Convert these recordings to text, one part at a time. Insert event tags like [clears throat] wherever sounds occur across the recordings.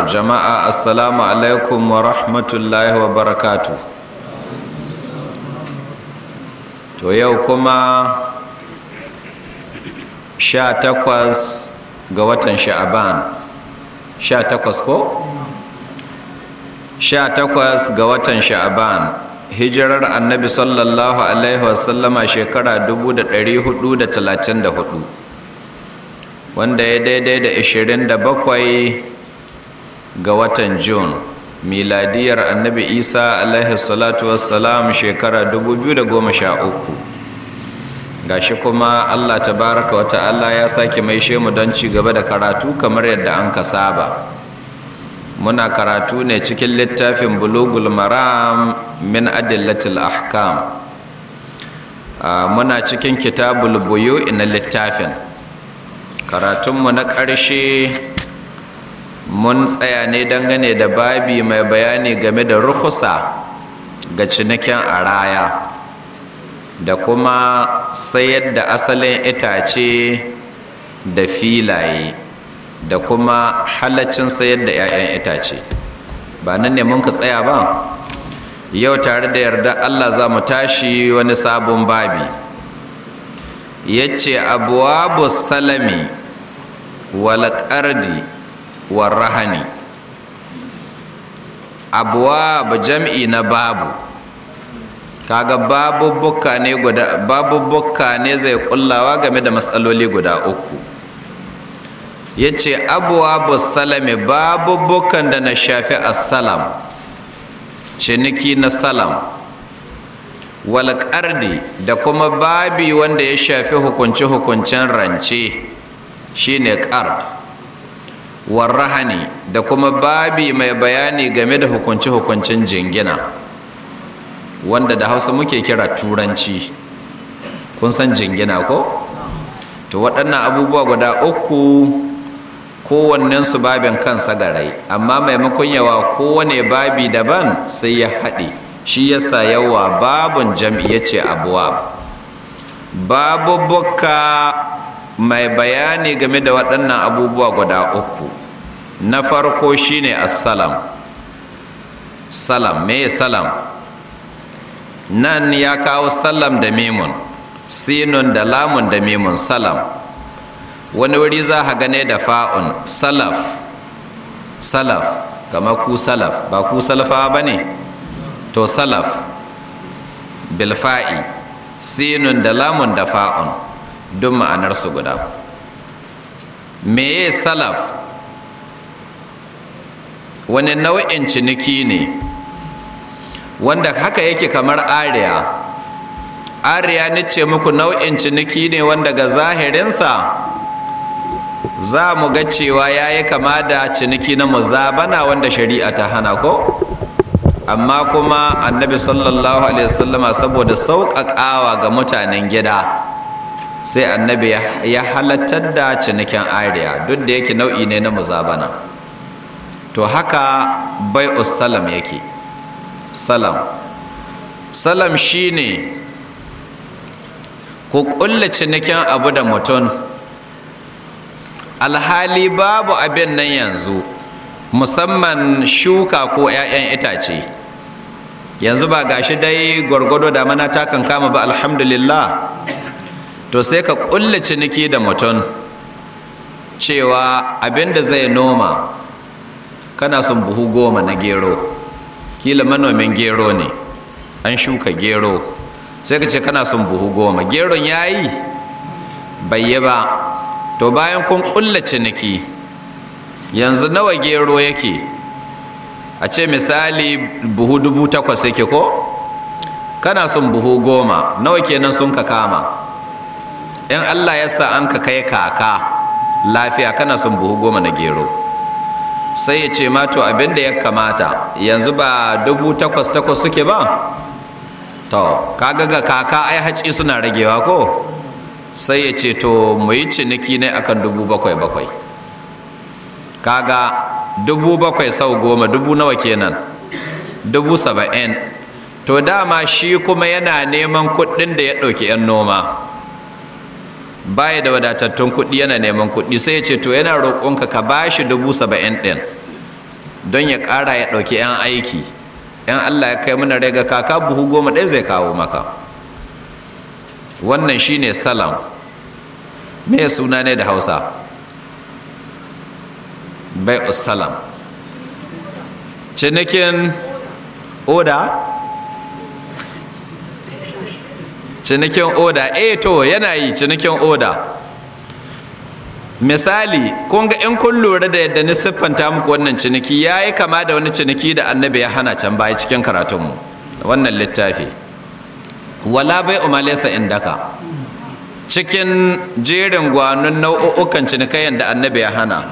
jama'a assalamu alaikum wa rahmatullahi wa barakatu to yau kuma sha takwas ga watan sha'aban sha takwas ko? sha takwas ga watan sha'aban hijirar annabi sallallahu alaihi wasallama shekara 434 wanda ya daidai da 27 ga watan Jun miladiyar annabi Isa alaihi salatu wassalam shekara 2013 shi kuma Allah ta baraka wata Allah ya sake mai shemu don ci gaba da karatu kamar yadda an ka saba muna karatu ne cikin littafin bulugul maram min adillatil ahkam muna cikin kitabul buyu ina littafin karatunmu na ƙarshe mun tsaya ne dangane da babi mai bayani game da rukusa ga cinikin araya da kuma sayar da asalin itace da filaye da kuma halaccin sayar da 'ya'yan itace ba nan ne mun ka tsaya ba yau tare da yarda allah za mu tashi wani sabon babi ya ce abuwa salami wal ƙardi warrahani abuwa jam'i na babu kaga babubbuka ne ne zai kullawa game da matsaloli guda uku ya ce abuwa salami babubbukan da na shafi assalam ciniki na salam walƙardi da kuma babi wanda ya shafi hukunce-hukuncen rance shine ƙard warrahani da kuma babi mai bayani game da hukunci-hukuncin jingina wanda da hausa muke kira turanci kun san jingina ko? to waɗannan abubuwa guda uku kowannensu babin kansa garai amma maimakon yawa kowane babi daban sai ya haɗe shi yasa yawa babun jam'i ya ce abuwa Babu bukka. mai bayani game da waɗannan abubuwa guda uku na farko shine assalam salam me salam nan ya kawo salam da mimun sinun da lamun da mimun salam wani wuri za a gane da fa'un salaf salaf kamar ku salaf ba ku salafa ba ne to salaf bilfa'i sinun da lamun da fa'un duk ma'anarsu guda meye salaf wani nau'in ciniki ne wanda haka yake kamar ariya ariya ni ce muku nau'in ciniki ne wanda ga zahirinsa za mu ga cewa ya yi kama da ciniki na muzabana wanda shari'a ta hana ko amma kuma annabi sallallahu alaihi wasallama saboda sauƙaƙawa ga mutanen gida sai annabi ya halattar da cinikin ariya duk da yake nau'i ne na muzabana to haka bai salam yake salam salam shine ku kulle cinikin abu da mutum alhali babu abin nan yanzu musamman shuka ko 'ya'yan itace yanzu ba gashi dai gwargwado da mana ta kankama kama ba alhamdulillah to sai ka ƙulla ciniki da mutum cewa abin da zai noma kana sun buhu goma na gero kila manomin gero ne an shuka gero sai ka ce kana sun buhu goma geron ya yi bai yi ba to bayan kun ƙulla ciniki yanzu nawa gero yake a ce misali buhu dubu takwas yake ko kana sun buhu goma nawa kenan sun ka kama in allah ya sa an ka kai kaka lafiya kana sun buhu goma na gero sai ya ce mato abin da ya kamata yanzu ba dubu takwas takwas suke ba to kaga ga kaka ai haci suna ragewa ko sai ya ce to mu yi ciniki ne akan dubu bakwai bakwai kaga dubu bakwai sau goma dubu nawa kenan dubu saba'in to dama shi kuma yana neman kuɗin da ya ɗauki 'yan noma baya da wadatattun kuɗi yana neman kuɗi sai ya ce to yana roƙonka ka ba shi dubu saba'in ɗin don ya ƙara ya ɗauki 'yan aiki 'yan allah ya kai mana rega kaka buhu goma ɗaya zai kawo maka wannan shi ne salam me suna ne da hausa bai salam cinikin oda cinikin oda eh to yana yi cinikin oda misali kun ga in kun lura da yadda ni siffanta muku wannan ciniki ya yi kama da wani ciniki da annabi ya hana can baya cikin karatunmu wannan littafi wala bai umalesa indaka cikin jerin gwanon nau'ukan cinikayen da annabi ya hana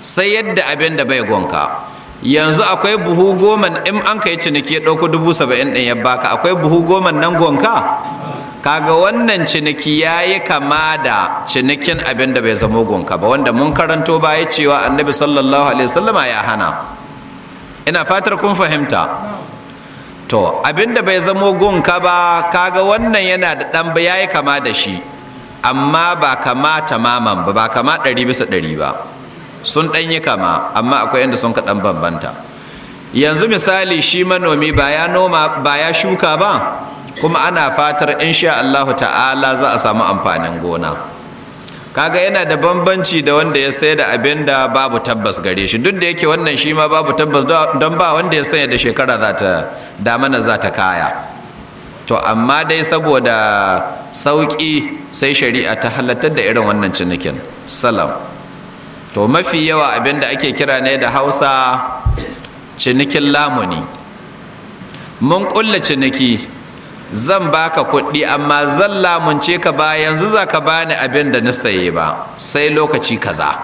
sai yadda abin da bai gonka yanzu akwai buhu goma in an kai ciniki ya ɗauko dubu saba'in ɗin ya baka akwai buhu goma nan gonka kaga wannan ciniki ya yi kama da cinikin abin da bai zama gunka ba wanda mun karanto baya cewa annabi sallallahu alaihi wasallama ya hana ina fatar kun fahimta to abin da bai zama gunka ba kaga wannan yana da dan yi kama da shi amma ba kama tamaman ba ba kama ɗari bisa ɗari ba sun ɗan yi kama amma akwai yadda sun kaɗan bambanta yanzu misali shi manomi ba ya noma ba ya shuka ba kuma ana fatar insha Allahu ta'ala za a samu amfanin gona kaga yana da bambanci da wanda ya sayar da abin da babu tabbas gare shi duk da yake wannan shi ma babu tabbas don ba wanda ya sanya da shekara za ta damana za ta kaya to amma dai saboda sauƙi sai shari'a ta halartar da irin wannan cinikin salam to mafi yawa abin da ake kira ne da hausa cinikin lamuni mun ƙulla ciniki zan baka kuɗi amma zan lamunce ka ba yanzu za ka bani abin da na saye ba sai lokaci kaza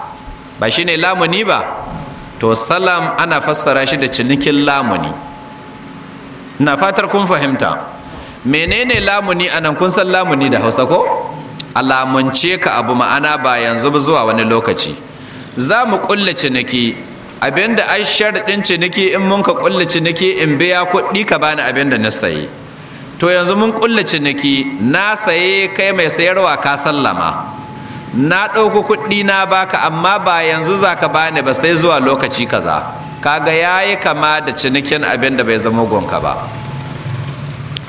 ba shine lamuni ba to salam ana fassara shi da cinikin lamuni ina fatar kun fahimta menene lamuni a nan kun san lamuni da hausa ko alamunce ka abu ma'ana ba yanzu ba zuwa wani lokaci za mu kulle ciniki Abin abinda ai sharɗin ciniki in mun ka kulle ciniki in biya kuɗi ka bani abin da na sayi to yanzu mun ƙulla ciniki na saye kai mai sayarwa ka sallama na ɗauko kuɗi na baka amma ba yanzu za ka bani ba sai zuwa lokaci kaza kaga ya yi kama da cinikin abin da bai zama gonka ba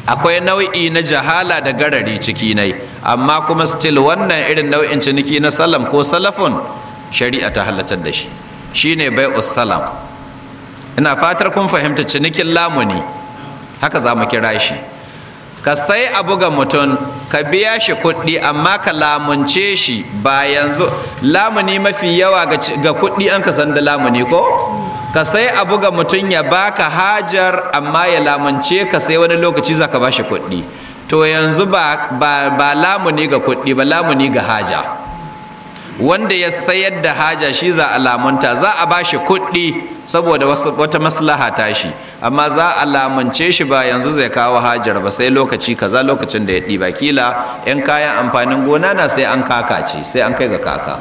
akwai nau'i na jahala da garari ciki nai amma kuma still wannan irin nau'in ciniki na salam ko salafun shari'a ta halatar da shi shine bai salam ina fatar kun fahimta cinikin lamuni haka za mu kira shi ka sai a buga mutum ka biya shi kuɗi amma ka lamunce shi ba yanzu lamuni mafi yawa ga kuɗi an ka san da lamuni ko ka sai a buga mutum ya baka hajar amma ya lamunce ka sai wani lokaci za ka ba shi kuɗi to yanzu ba lamuni ga kuɗi ba lamuni ga haja wanda ya sayar da haja shi za a lamunta za a ba shi kuɗi saboda wata maslaha ta shi amma za a lamunce shi ba yanzu zai kawo hajar ba sai lokaci kaza lokacin da ya ɗiba kila 'yan kayan amfanin gona na sai an kaka ce sai an kai ga kaka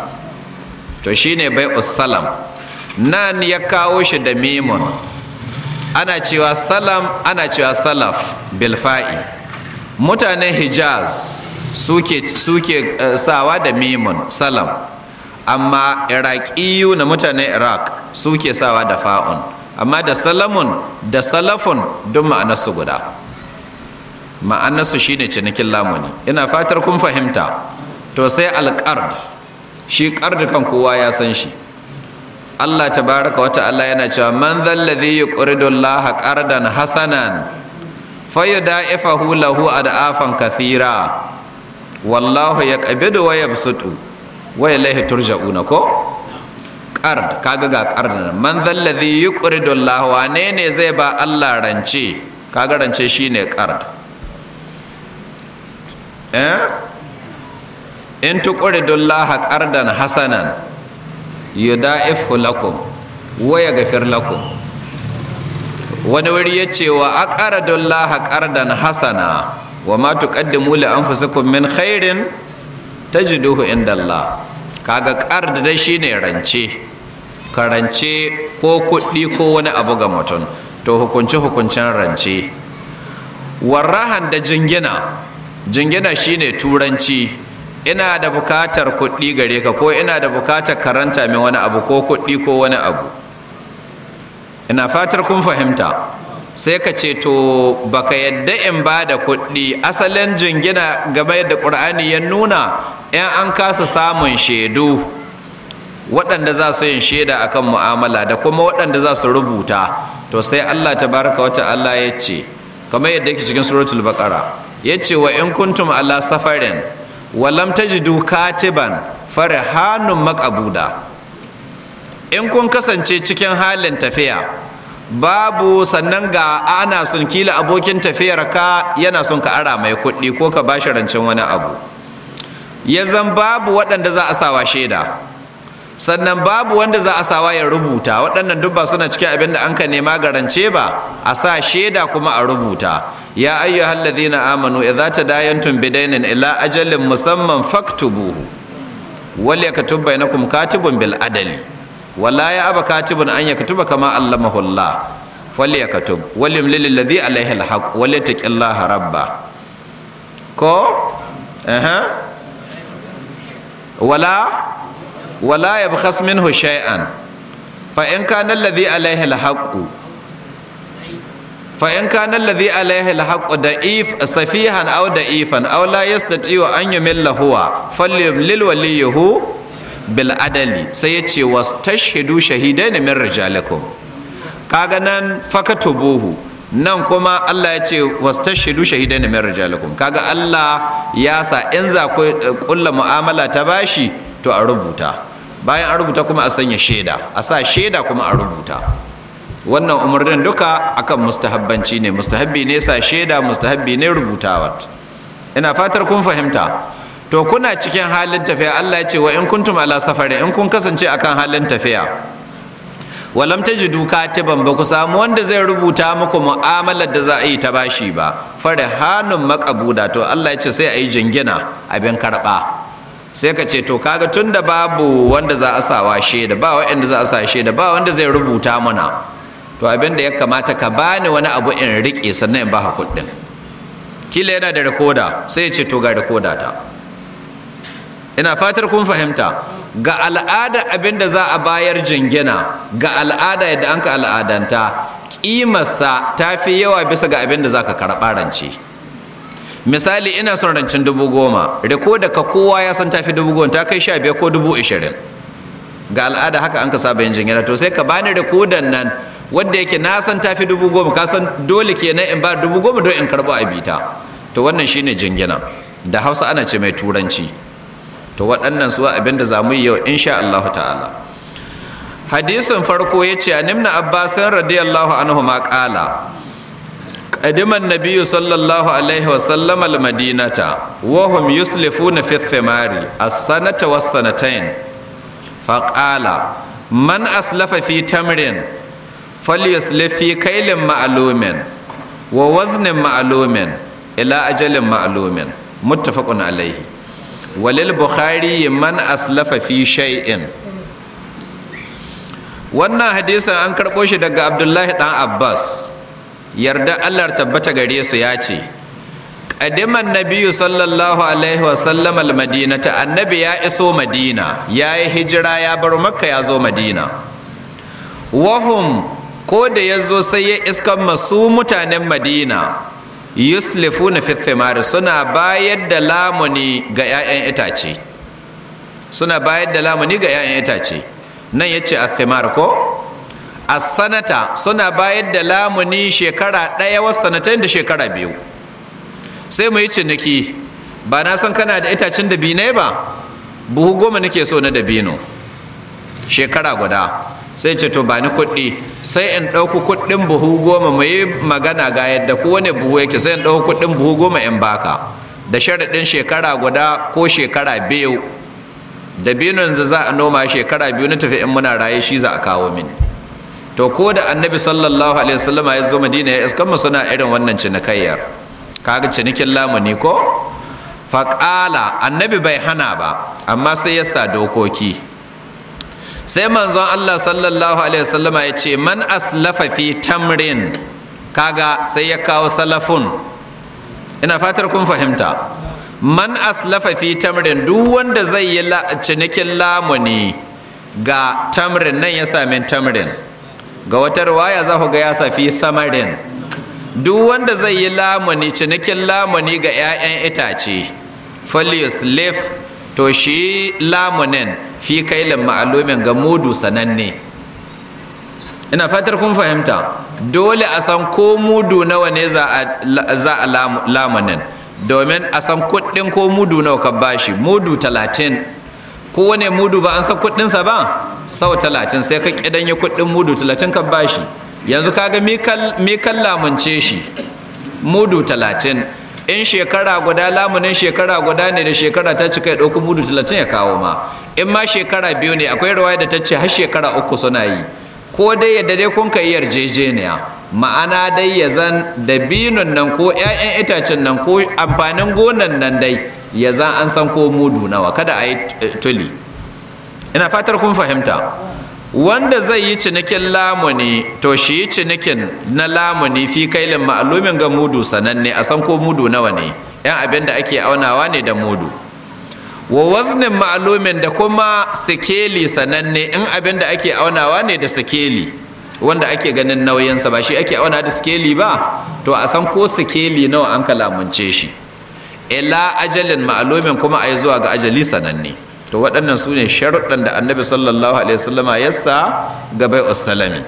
to shi ne bai usalam nan ya kawo shi da memon ana cewa salam ana cewa salaf bilfa'i mutanen hijaz suke suke eh, sawa da mimun salam amma iraqiyu na mutanen iraq suke sawa da fa'un amma da salamun da salafun duk ma'anarsu guda ma'anarsu shine cinikin lamuni ina fatar kun fahimta to sai alƙard shi ƙard kan kowa ya san shi Allah tabaraka wata ta'ala yana cewa man dhal ladhi yuqridu Allah qardan hasanan fayudaifahu lahu adafan kathira wallahu ya ƙabidu wa ya bisutu wa ya laihi turja'una ko ƙard kaga ga ƙard man zallazi yuqridu allahu wane ne zai ba Allah rance kaga rance shine ƙard eh in tuqridu Allah qardan hasanan yuda'ifu lakum wa yaghfir lakum wani wuri ya ce wa aqradu Allah qardan hasana wa ma an li anfusikum min khairin tajiduhu indallah kaga ƙar da dai shine rance karance ko kuɗi ko wani abu ga mutum to hukunci hukuncin rance warrahan da jingina jingina shine turanci ina da bukatar kuɗi gare ka ko ina da bukatar karanta min wani abu ko kuɗi ko wani abu ina fatar kun fahimta sai ka ce to baka yadda in ba da kuɗi asalin jingina game da ƙur'ani ya nuna ‘yan an kasa samun shaidu waɗanda za su yin shaida akan mu'amala da kuma waɗanda za su rubuta to sai Allah ta baraka wata Allah ya ce kamar yadda yake cikin suratul baqara ya ce wa in kuntum ala safarin wa lam tajidu katiban farihanun maqabuda in kun kasance cikin halin tafiya babu sannan ga ana sun kila abokin tafiyar ka yana sun ka ara mai kuɗi ko ka bashi rancen wani abu ya zan babu waɗanda za a sawa shaida sannan babu wanda za a sawa ya rubuta waɗannan duk ba suna cikin abin da an ka nema ga rance ba a sa shaida kuma a rubuta ya ayyuhal ladhina amanu idza tadayantum na ila ajalin musamman faktubuhu wal yaktub bainakum katibun bil adali wala ya aba katibun an ya katuba kama allamahu Allah wali ya katub wali alayhi alhaq wali rabba ko aha wala wala yabkhas minhu shay'an fa in kana alladhi alayhi alhaq fa in kana alladhi alayhi alhaq da'if safihan aw da'ifan aw la yastati'u an yamilla huwa lil waliyuhu bil adali sai ya ce shahidai na min rijalakum kaga nan fakatubuhu nan kuma Allah ya ce shahidai na min rijalakum kaga Allah ya sa in za ku eh, kulla mu'amala ta bashi to a rubuta bayan a rubuta kuma a sanya shaida a sa shaida kuma a rubuta wannan umarnin duka akan mustahabbanci ne mustahabbi ne sa shaida mustahabbi ne rubutawa ina fatar kun fahimta to kuna cikin halin tafiya Allah ya ce wa in kuntum ala safari in kun kasance akan halin tafiya walam tajidu katiban ba ku samu wanda zai rubuta muku mu'amalar da za a yi ta bashi ba hanun makabuda to Allah ya ce sai a yi jingina abin karba sai ka ce to kaga tun da babu wanda za a sawa shaida ba wanda za a sa shaida ba wanda zai rubuta mana to abin da ya kamata ka bani wani abu in rike sannan in ba kuɗin kila yana da rikoda sai ya ce to ga rikoda ta ina fatar kun fahimta ga al'ada abin da za a bayar jingina ga al'ada yadda an ka al'adanta kimarsa ta fi yawa bisa ga abinda da za ka karɓa rance misali ina son rancen dubu goma riko da ka kowa ya san tafi dubu goma ta kai sha biyar ko dubu ishirin ga al'ada haka an ka saba yin jingina to sai ka bani rikodan nan wanda yake na san tafi dubu goma ka san dole kenan in ba dubu goma don in karɓo a bita to wannan shine jingina da hausa ana ce mai turanci to waɗannan suwa abin da za mu yi yau insha Allah ta'ala hadisin farko ya ce nimna Abbasan radiyallahu anhu ma ƙadiman nabiyu sallallahu alaihi wasallam almadinata wahum yuslifu na fithimari a sanata was sanatain faƙala man aslafa fi tamrin falyaslif fi kailin ma'alumin wa waznin ma'alumin ila ajalin ma'alumin muttafaqun alaihi walil bukhari man aslafa fi shay'in wannan hadisin an karɓo shi daga abdullahi ɗan abbas yarda allah tabbata gare su ya ce ƙadiman nabiyu sallallahu alaihi wasallam almadinata annabi ya iso madina ya yi hijira ya bar makka ya zo madina wahum ko da ya zo sai ya iskan masu mutanen madina yuslifu na fithimari suna bayar da lamuni ga 'ya'yan itace suna bayar da lamuni ga 'ya'yan itace nan ya ce athimar ko a sanata suna bayar da lamuni shekara ɗaya wasu sanatai da shekara biyu sai mu yi ciniki ba na san kana da itacen dabinai ba buhu goma nake so na dabino shekara guda sai ce to ba ni kuɗi sai in ɗauku kuɗin buhu goma mu yi magana ga yadda kowane buhu yake sai in ɗauku kuɗin buhu goma in baka da sharaɗin shekara guda ko shekara biyu da yanzu za a noma shekara biyu na tafi in muna raye shi za a kawo mini to ko da annabi sallallahu alaihi wasallam ya zo madina ya iska mu suna irin wannan cinikayyar kaga cinikin lamuni ko Faƙala annabi bai hana ba amma sai ya sa dokoki sai manzon Allah sallallahu alaihi wasallama ya ce man aslafa fi tamrin kaga sai ya kawo salafun ina fatar kun fahimta man aslafa fi tamrin duk wanda zai yi cinikin lamuni ga tamrin nan ya sami tamrin ga wata ruwaya za ku ga ya safi samarin duk wanda zai yi lamuni cinikin lamuni ga 'ya'yan itace folius leaf to shi lamunin fi kailin ma'alumin ga mudu sananne ina fatar kun fahimta dole a san ko mudu nawa ne za a lamunin domin a san kuɗin ko mudu nawa ka bashi mudu talatin kowane mudu ba an san kuɗinsa ba sau talatin sai ka yi kuɗin mudu talatin ka bashi yanzu kaga mikan lamunce shi mudu talatin in shekara guda lamunin shekara guda ne da shekara ta cika ya ɗauki mudu talatin ya kawo ma in ma shekara biyu ne akwai rawa da ta ce har shekara uku suna yi ko dai yadda dai kun kai yarjejeniya ma'ana dai ya zan dabinun nan ko 'ya'yan itacen nan ko amfanin gonan nan dai ya zan an san ko mudu nawa kada a yi eh, tuli ina fatar kun fahimta wanda zai yi cinikin lamuni to shi yi cinikin na lamuni fi kailin ma'alumin ga mudu sananne a san ko mudu nawa ne yan abin da ake aunawa ne da mudu wa waznin ma'alumin da kuma sikeli sananne in abin da ake aunawa ne da sikeli wanda ake ganin nauyinsa ba shi ake auna da sikeli ba to a san ko sikeli nawa an ka lamunce shi ila ajalin ma'alumin kuma a yi zuwa ga ajali sananne to waɗannan su ne sharuɗan da annabi sallallahu alaihi ya sa ga bai usalami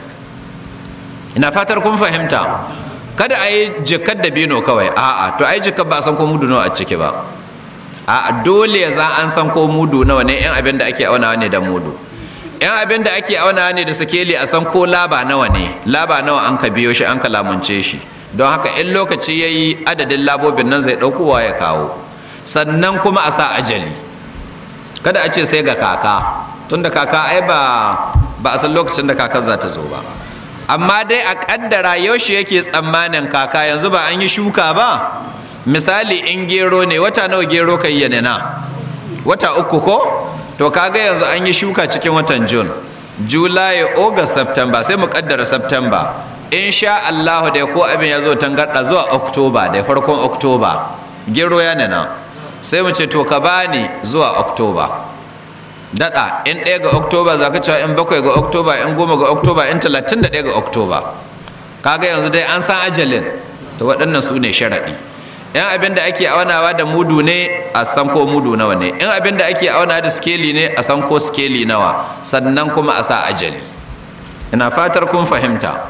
ina fatar kun fahimta kada a yi jikar da bino kawai a'a to ai jikar ba a san ko mudu nawa a ciki ba a dole za an san ko mudu nawa ne yan abin da ake auna ne da mudu yan abin da ake aunawa ne da sikeli a san ko laba nawa ne laba nawa an ka biyo shi an ka lamunce shi don haka in lokaci ya yi adadin labobin nan zai wa ya kawo sannan kuma a sa ajali kada a ce sai ga kaka tunda kaka ai ba ba a san lokacin da kakar za ta zo ba amma dai a kaddara yaushe yake tsammanin kaka yanzu ba an yi shuka ba misali in gero ne wata nawa gero ka yi na wata uku ko to kaga yanzu an yi shuka cikin watan june july august september sai mu kaddara september sha allahu dai ko abin ya zo tangarda zuwa october dai farkon october gero ya nana sai mu ce to ka bani zuwa oktoba daɗa in ɗaya ga oktoba za ka cewa in bakwai ga oktoba in goma ga oktoba in talatin da ɗaya ga oktoba kaga yanzu dai an san ajalin da waɗannan su ne sharaɗi yan abin da ake aunawa da mudu ne a san ko mudu nawa ne in abin da ake aunawa da skeli ne a san ko skeli nawa sannan kuma a sa ajali ina fatar kun fahimta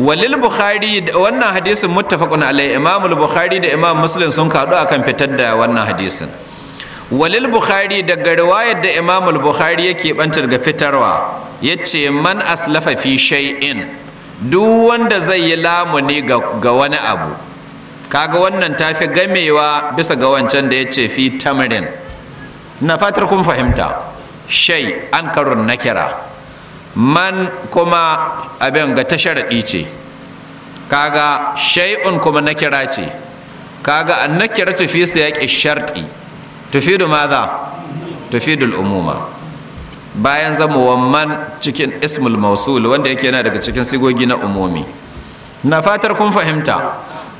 walil bukhari wannan hadisin muttafaqun alai imam bukhari da imam muslim sun kaɗu akan fitar da wannan hadisin walil bukhari daga riwayar da imam bukhari yake bantar ga fitarwa yace man aslafa fi shay'in duk wanda zai yi lamuni ga wani abu kaga wannan tafi gamewa bisa ga wancan da yace fi tamarin na fatar kun fahimta shay an karun nakira man kuma abin ga ta sharaɗi ce kaga shay'un kuma na kira ce kaga an na kira tufi su yaƙi sharɗi tufidu maza da umuma bayan zamowa man cikin ismul mausul wanda yake yana daga cikin sigogi na umumi na fatar kun fahimta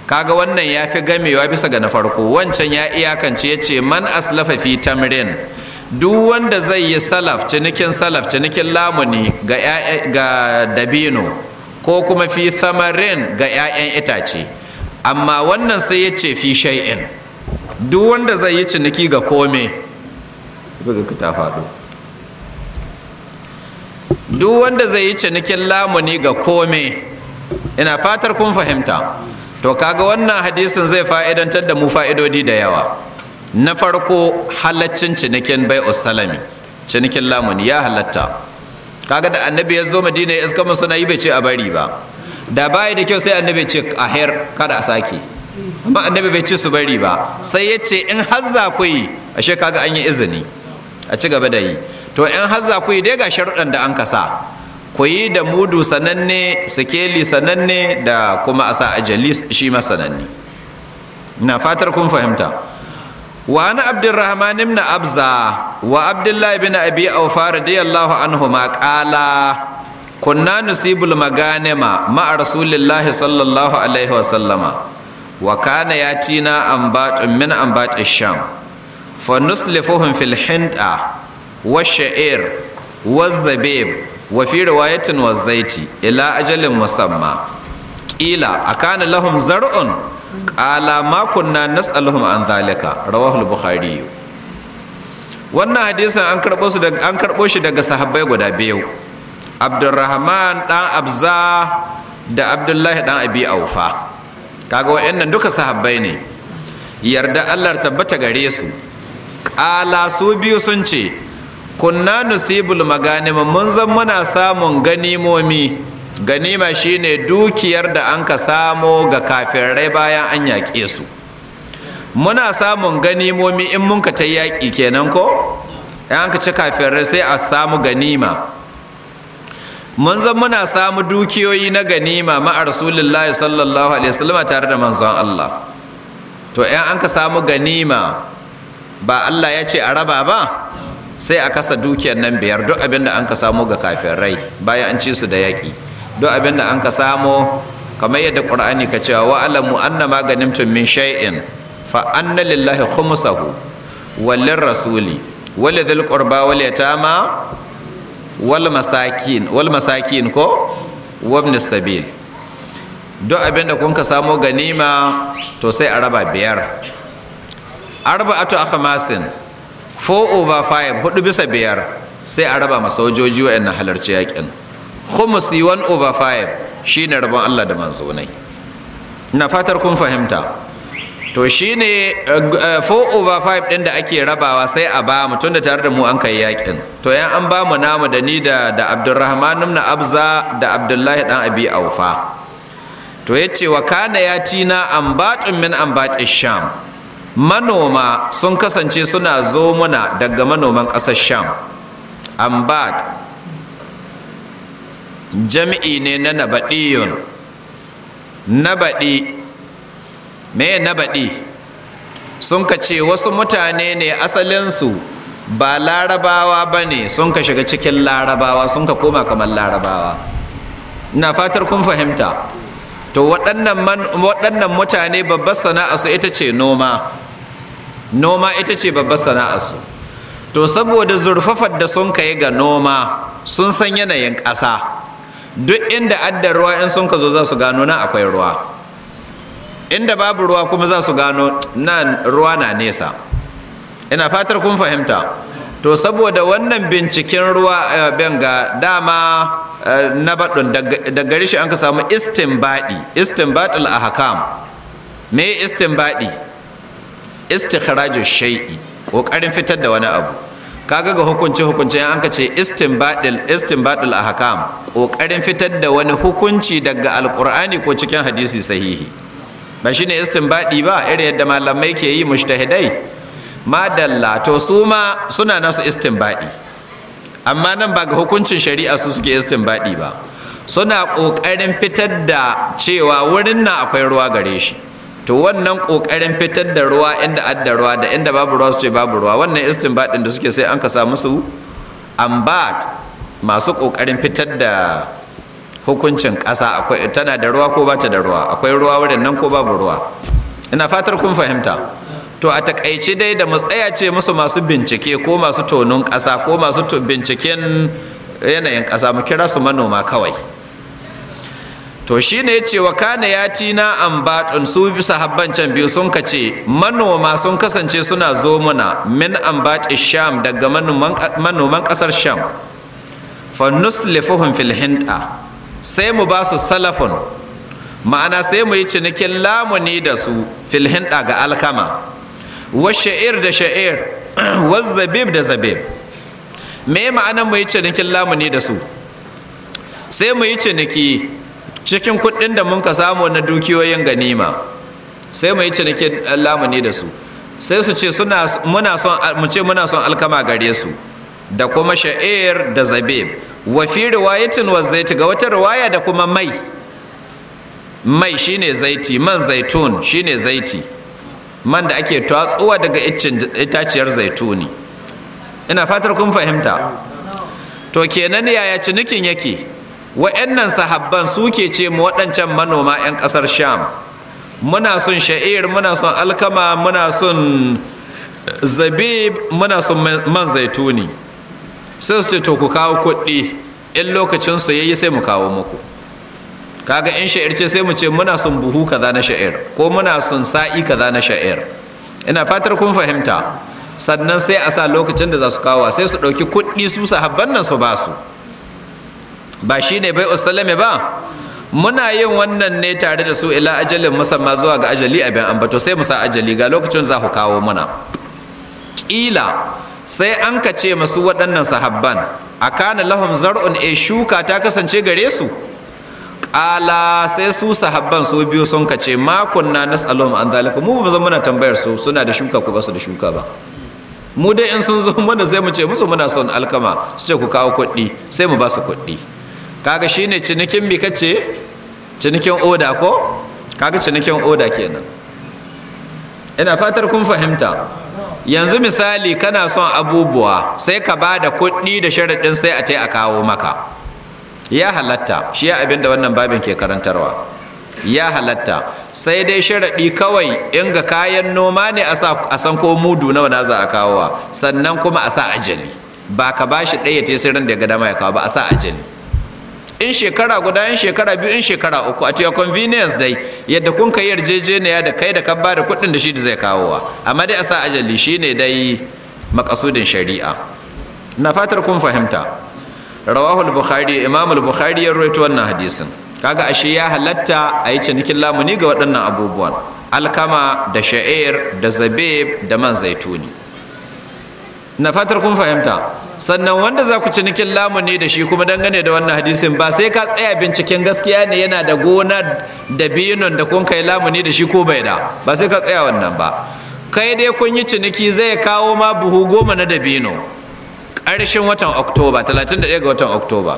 kaga wannan ya fi gamewa bisa ga na farko wancan ya iyakance ya ce man aslafa fi tamrin duk wanda zai yi salaf cinikin salaf cinikin lamuni ga ga dabino ko kuma fi samarin ga 'ya'yan itace amma wannan sai ya ce fi shay'in duk wanda zai yi ciniki ga kome duk wanda zai yi cinikin lamuni ga kome ina fatar kun fahimta to kaga wannan hadisin zai fa'idantar da mu fa'idodi da yawa na farko halaccin cinikin bai salami cinikin lamuni ya halatta kaga da annabi ya zo madina ya iska suna yi bai ce a bari ba da baya da kyau sai annabi ce a her kada a sake amma annabi bai ce su bari ba sai ya ce in za ku yi ashe kaga an yi izini a ci gaba da yi to in za ku yi dai ga sharuɗan da an kasa ku yi da mudu sananne sikeli sananne da kuma a asa ajali shi ma sananne ina fatar kun fahimta wa ana abdurrahman ibn abza wa abdullahi ibn abi awfa anhu anhuma qala kunna nusibul maganima ma'a rasulillahi sallallahu alaihi wa sallama wa kana yatina ambatun min ambatish sham fa nuslifuhum fil hinta wash-sha'ir waz-zabib wa fi riwayatin waz-zaiti ila ajalin musamma qila akana lahum zar'un Ƙala makunna na nas'aluhum an zalika rawahu bukhari wannan hadisin an karbo an karɓo shi daga sahabbai guda biyu abdurrahman dan abza da abdullahi dan abi aufa kaga wayannan duka sahabbai ne yarda Allah tabbata gare su Ƙala su biyu sun ce kunna nusibul maganima mun zan muna samun ganimomi ganima shine dukiyar da an ka samo ga kafirai bayan an yaƙe su muna samun ganimomi in mun ka ta yaƙi kenan ko an ka ci kafirai sai a samu ganima mun zan muna samu dukiyoyi na ganima ma'a rasulullahi sallallahu alaihi wasallam tare da manzon Allah to yan an ka samu ganima ba Allah ya ce a raba ba sai a kasa dukiyar nan biyar duk abin da an ka samu ga kafirai bayan an ci su da yaƙi duk abin da an ka samo kamar yadda qur'ani ka cewa wa muanna maganin ma ganimtum min shay'in fa lillahi khumsahu wallin rasuli walidhil qurba wal yatama wal masakin wal masakin ko wabni sabil duk abin da kun ka samo ganima to sai a raba biyar aka masin 4 over 5 hudu bisa biyar sai a raba masojoji wa'annan halarci yakin khumusi one over 5 shine rabon Allah da manzonai na fatar kun fahimta to shine 4 eh, eh, over 5 ɗin da ake rabawa sai a ba mu da tare da mu an kai yakin to yan an ba mu namu da ni da da Abdulrahman ibn Abza da Abdullahi dan Abi Aufa to ya ce wa kana ya tina ambatun min ambatin sham manoma sun kasance suna zo muna daga manoman ƙasar sham ambat Jami'i ne na nabaɗiyun nabaɗi me nabaɗi sun ka ce wasu mutane ne asalinsu ba larabawa ba ne sun ka shiga cikin larabawa sun ka koma kamar larabawa na fatar kun fahimta to waɗannan mutane babbar su ita ce noma noma ita ce babbar su. to saboda zurfafar da sun yi ga noma sun san yanayin ƙasa duk inda addar ruwa in sun ka zo za su gano nan akwai ruwa inda babu ruwa kuma za su gano nan ruwa na nesa ina fatar kun fahimta to saboda wannan binciken ruwa eh, benga dama eh, na baɗin daga shi an ka samu istinbaɗi istinbaɗul ahkam me istinbaɗi istikhrajul shai'i ƙoƙarin fitar da wani abu kaga ga hukunci hukunci an ka ce istinbadil istinbadil ahkam kokarin fitar da wani hukunci daga alqur'ani ko cikin hadisi sahihi ba shine istinbadi ba irin yadda malamai ke yi Ma madalla to su ma suna nasu istinbadi amma nan ba ga hukuncin shari'a su suke istinbadi ba suna kokarin fitar da cewa wurin na akwai ruwa gare shi to wannan kokarin fitar da ruwa inda adda ruwa da inda babu ruwa su ce babu ruwa wannan istinbadin da suke sai an kasa musu ambat masu kokarin fitar da hukuncin ƙasa akwai tana da ruwa ko bata da ruwa akwai ruwa wurin nan ko babu ruwa ina fatar kun fahimta to a takaice dai da mu tsaya ce musu masu bincike ko masu tonon ƙasa ko masu binciken yanayin ƙasa mu kira su manoma kawai to shi shine ce wa kana an batun su sahabban can biyu sun kace manoma sun kasance suna zo muna min ambati sham daga manoman manoman kasar sham fa nuslifuhum fil hinta sai mu ba su salafun ma'ana sai mu yi cinikin lamuni da su fil ga alkama wa sha'ir da sha'ir wa zabib da zabib me ma'ana mu yi cinikin lamuni da su sai mu yi ciniki cikin kuɗin da mun ka samu na dukiyoyin ganima sai mu yi cinikin lamuni da su sai su ce muna son mu ce muna son alkama gare su da kuma sha'ir da zabib wa fi riwayatin wa zaiti ga wata riwaya da kuma mai mai shine zaiti man zaitun shine zaiti man da ake tatsuwa daga itaciyar zaituni ina fatar kun fahimta to kenan yaya cinikin yake wa'annan sahabban suke ce mu waɗancan manoma 'yan ƙasar sham muna sun sha'ir muna sun alkama muna sun eh, zabib muna sun man zaituni sai su ce to ku kawo kuɗi in lokacin su yayi sai mu kawo muku kaga in sha'ir ce sai mu ce muna sun buhu kaza na sha'ir ko muna sun sa'i kaza na sha'ir ina fatar kun fahimta sannan sai a sa lokacin da za su kawo sai su ɗauki kuɗi su sahabban nan su ba su ba shi ne bai usalame ba muna yin wannan ne tare da su ila ajalin musamman zuwa ga ajali a abin ambato sai musa ajali ga lokacin za ku kawo muna ƙila sai an ka ce masu waɗannan sahabban a kana lahum zar'un e shuka ta kasance gare su ƙala sai su sahabban su biyu sun ka ce makon na nas'alum an zalika mu ba muna tambayar su suna da shuka ko ba su da shuka ba mu dai in sun zo mana sai mu ce musu muna son alkama su ce ku kawo kuɗi sai mu ba su kuɗi kaga shine cinikin bi kace cinikin oda ko kaga cinikin oda kenan ina fatar kun fahimta yanzu misali kana son abubuwa sai ka ba da kuɗi da sharaɗin sai a ce a kawo maka ya halatta shi ya abin wannan babin ke karantarwa ya halatta sai dai sharaɗi kawai in ga kayan noma ne a san ko mudu nawa na za a kawowa sannan kuma a sa ajali ba ka ba shi ɗaya te sirrin da ya ga dama ya kawo ba a sa ajali in shekara guda in shekara biyu in shekara uku a your convenience dai yadda kun ka yarjejeniya da kai da ka ba da kuɗin da shi da zai kawowa amma dai a sa ajali shi ne dai makasudin shari'a na fatar kun fahimta rawahul bukhari imamul bukhari ya rawaito wannan hadisin kaga ashe ya halatta a yi cinikin lamuni ga waɗannan abubuwan alkama da sha'ir da zabeb da man zaituni na fatar kun fahimta sannan wanda za ku cinikin lamuni da shi kuma dangane da wannan hadisin ba sai ka tsaya binciken gaskiya ne yana da gona da binon da kun kai lamuni da shi ko bai da ba sai ka tsaya wannan ba kai dai kun yi ciniki zai kawo ma buhu goma na dabino ƙarshen watan oktoba 31 ga watan oktoba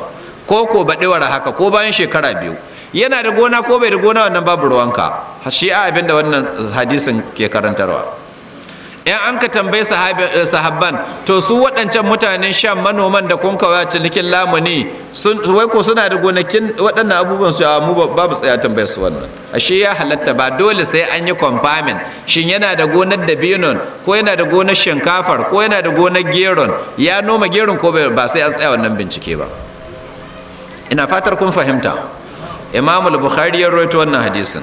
ko ko baɗewar haka ko bayan shekara biyu yana da gona ko bai da gona wannan babu ruwanka shi a abin da wannan hadisin ke karantarwa in an ka tambayi eh, sahabban to su waɗancan mutanen sham manoman da kun kawai cinikin lamuni wai ko suna da gonakin waɗannan abubuwan su mu babu tsaya tambayar su wannan ashe ya halatta ba dole sai an yi kwamfamin shin yana da gonar dabinon ko yana da gonar shinkafar ko yana da gonar geron ya noma geron ko ba sai an tsaya wannan bincike ba ina fatar kun fahimta imamul bukhari ya rawaito wannan hadisin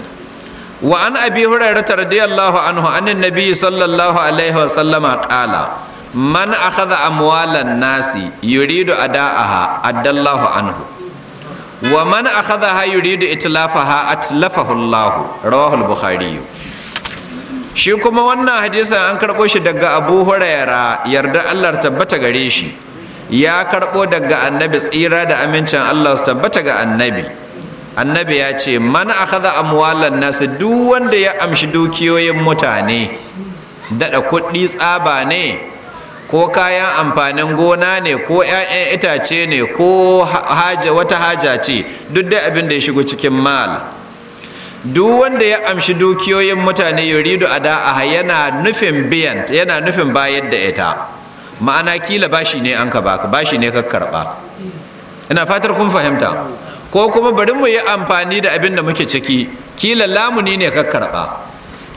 wa an abi hurairata radiyallahu anhu anin nabi sallallahu alaihi wasallama qala man akhadha amwalan nasi yuridu ada'aha addallahu anhu wa man akhadha yuridu itlafaha atlafahu Allah rawahu rawahul bukhari shi kuma wannan hadisin an karbo shi daga Abu Huraira yarda Allah tabbata gare shi ya karbo daga annabi tsira da amincin Allah su tabbata ga annabi annabi ya ce man akhadha amwalan nasu duk wanda ya amshi dukiyoyin mutane daɗe kuɗi tsaba ne ko kayan amfanin gona ne ko 'ya'yan itace ne ko wata haja ce duk da abin da ya shigo cikin mal duk wanda ya amshi dukiyoyin mutane yuridu da'aha yana nufin biyan yana nufin bayar da ita ma'ana kila bashi ne an ka baka bashi ne ka ina fatar kun fahimta ko kuma bari mu yi amfani da abin da muke ciki kila lamuni ne ka karɓa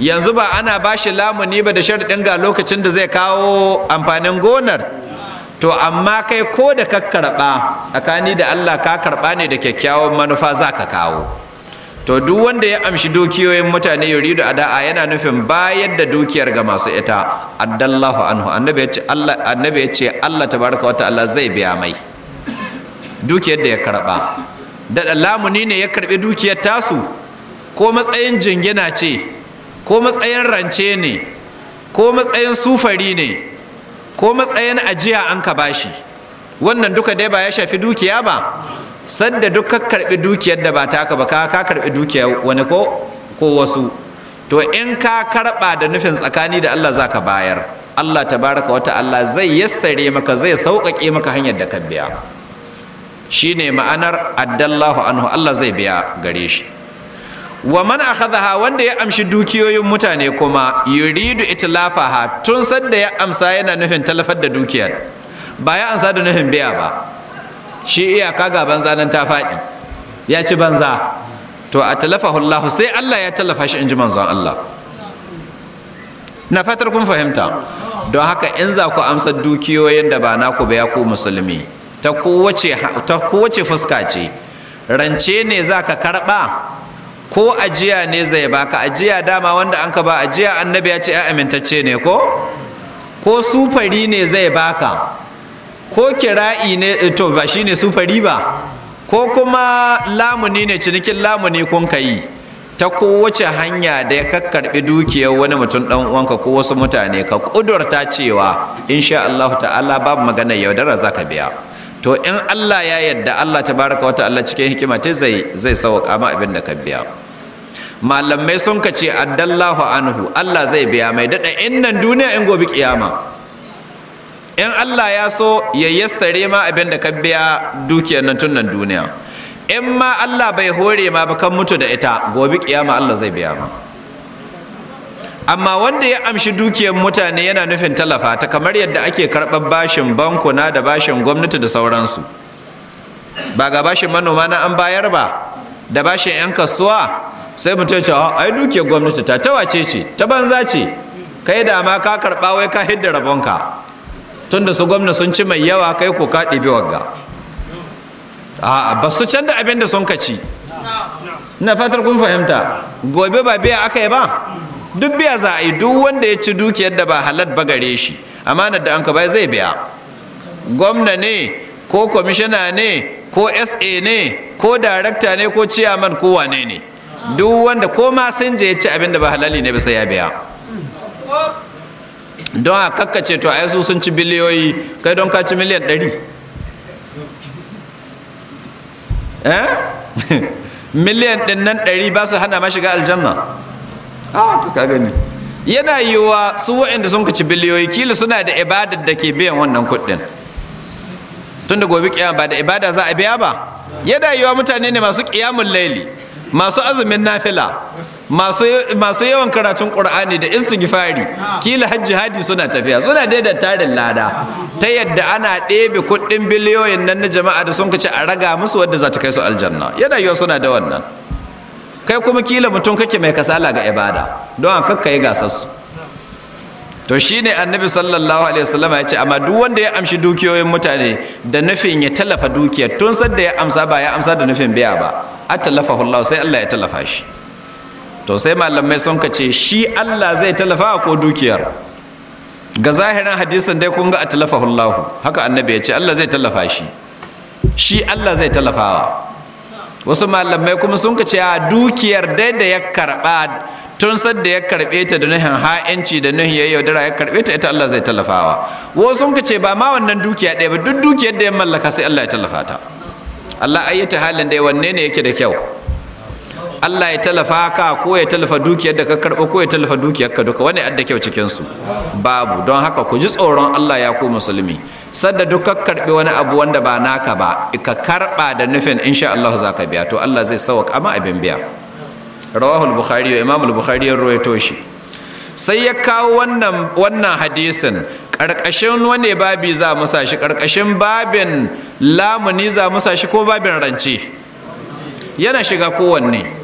yanzu ba ana bashi lamuni ba da sharɗin ga lokacin da zai kawo amfanin gonar to amma kai ko da ka karɓa tsakani da allah ka karɓa ne da kyakkyawan manufa za ka kawo to duk wanda ya amshi dukiyoyin mutane da ada'a yana nufin bayar da dukiyar ga masu ita addallahu anhu annabi ya ce allah tabaraka wata allah zai biya mai dukiyar da ya karɓa da lamuni ne ya karɓi dukiyar tasu ko matsayin jingina ce ko matsayin rance ne ko matsayin sufari ne ko matsayin ajiya an ka bashi wannan duka dai ba ya shafi dukiya ba sadda duk karbi dukiyar da ba taka ba ka karɓi dukiya wani ko ko wasu to in ka karɓa da nufin tsakani da Allah zaka bayar Allah tabaraka wata Allah zai yassare maka zai sauƙaƙe maka hanyar da ka biya Shi ne ma'anar addallahu anhu Allah zai biya gare shi wa man akhadha wanda ya amshi dukiyoyin mutane kuma yuridu itlafaha tun sadda ya amsa yana nufin talafar da dukiyar ba ya amsa da nufin biya ba shi iyaka ga banza nan ta faɗi ya ci banza to a talafahu Allah sai Allah ya talafa shi in ji manzon Allah na fatar kun fahimta don haka in za ku amsa dukiyoyin da ba ku ba ya ku musulmi ta kowace fuska ce rance ne za ka karɓa ko ajiya ne zai baka ajiya dama wanda an ka ba ajiya annabi ya ce amintacce ne ko ko sufari ne zai baka ko kira'i ne eh, to ba shi ne sufari ba ko kuma lamuni ne cinikin lamuni kun ka yi ta kowace hanya da ya kakkarbi dukiyar wani mutum ɗan uwanka ko wasu mutane ka ƙudurta cewa insha Allah ta'ala babu magana yaudara ka biya to in Allah ya yadda Allah ta baraka wata Allah cikin hikima ta zai zai sauka ma abin da ka biya malamai sun kace ce addallahu anhu Allah zai biya mai dada nan duniya in gobe kiyama in Allah ya so ya yassare ma abin da ka biya dukiyar nan tun nan duniya in ma Allah bai hore ma ba kan mutu da ita gobe kiyama Allah zai biya ma amma wanda ya amshi dukiyar mutane yana nufin talafa ta kamar yadda ake karɓar bashin bankuna da bashin gwamnati da sauransu ba ga bashin manoma na an bayar ba da bashin 'yan kasuwa sai mutum ce ah, ai dukiyar gwamnati ta tawace ce ta banza ce kai da ma ka karɓa wai ka hidda rabonka tun su gwamna sun ci mai yawa kai ko ka ɗibi wagga ba su canza abin da sun kaci na fatar kun fahimta gobe ba biya aka yi ba duk biya za a yi duk wanda ya ci dukiyar da ba halal ba gare shi amanar da an ka bai zai biya gwamna ne ko kwamishina ne ko sa ne ko darakta ne ko ciyaman ko wane ne duk wanda ko ma sun je ya ci abin da ba halali ne bisa ya biya don a kakkace to a yasu sun ci biliyoyi kai don ka ci miliyan ɗari eh? [laughs] miliyan ɗin nan ɗari ba su hana ma shiga aljanna a ah, ka gani yana yiwuwa su waɗanda sun ci biliyoyi kila suna da ibadar da ke biyan wannan kuɗin tun da gobe kiyama ba da ibada za a biya ba yana yiwuwa mutane ne masu kiyamun laili masu azumin nafila masu yawan karatun ƙur'ani da istighfari kila hajji hadi suna tafiya suna dai da tarin lada ta yadda ana ɗebe kuɗin biliyoyin nan na jama'a da sun kaci a raga musu wadda za ta kai su aljanna yana yiwuwa suna da wannan kai kuma kila mutum kake mai kasala ga ibada don haka kai su. to shine annabi sallallahu alaihi wasallam ya ce amma duk wanda ya amshi dukiyoyin mutane da nufin ya tallafa dukiyar tun sadda ya amsa ba ya amsa da nufin biya ba a tallafa Allah sai Allah ya tallafa shi to sai malamai sun ka ce shi Allah zai talafa ko dukiyar ga zahirin hadisin dai kun ga a tallafa Allah haka annabi ya ce Allah zai tallafa shi shi Allah zai tallafawa wasu malamai kuma sun ka ce a dukiyar dai da ya karɓa tun da ya karɓe ta da nuhin ha'inci da nuhin ya yaudara ya karɓe ta ita Allah zai tallafawa wasu sun ka ce ba ma wannan dukiya ɗaya ba duk dukiyar da ya mallaka sai Allah ya tallafa ta Allah ayyata halin dai wanne ne yake da kyau Allah ya tallafa ka ko ya tallafa dukiyar da ka karɓa ko ya tallafa dukiyar ka duka wani adda kyau cikin su babu don haka ku ji tsoron Allah ya ku musulmi sadda duk ka karbi wani abu wanda ba naka ba ka karba da nufin insha Allah za ka biya to Allah zai sauka amma abin biya rawahu al-bukhari imam al-bukhari ya rawaito shi sai ya kawo wannan wannan hadisin karkashin wani babi za mu shi karkashin babin lamuni za mu shi ko babin rance yana shiga kowanne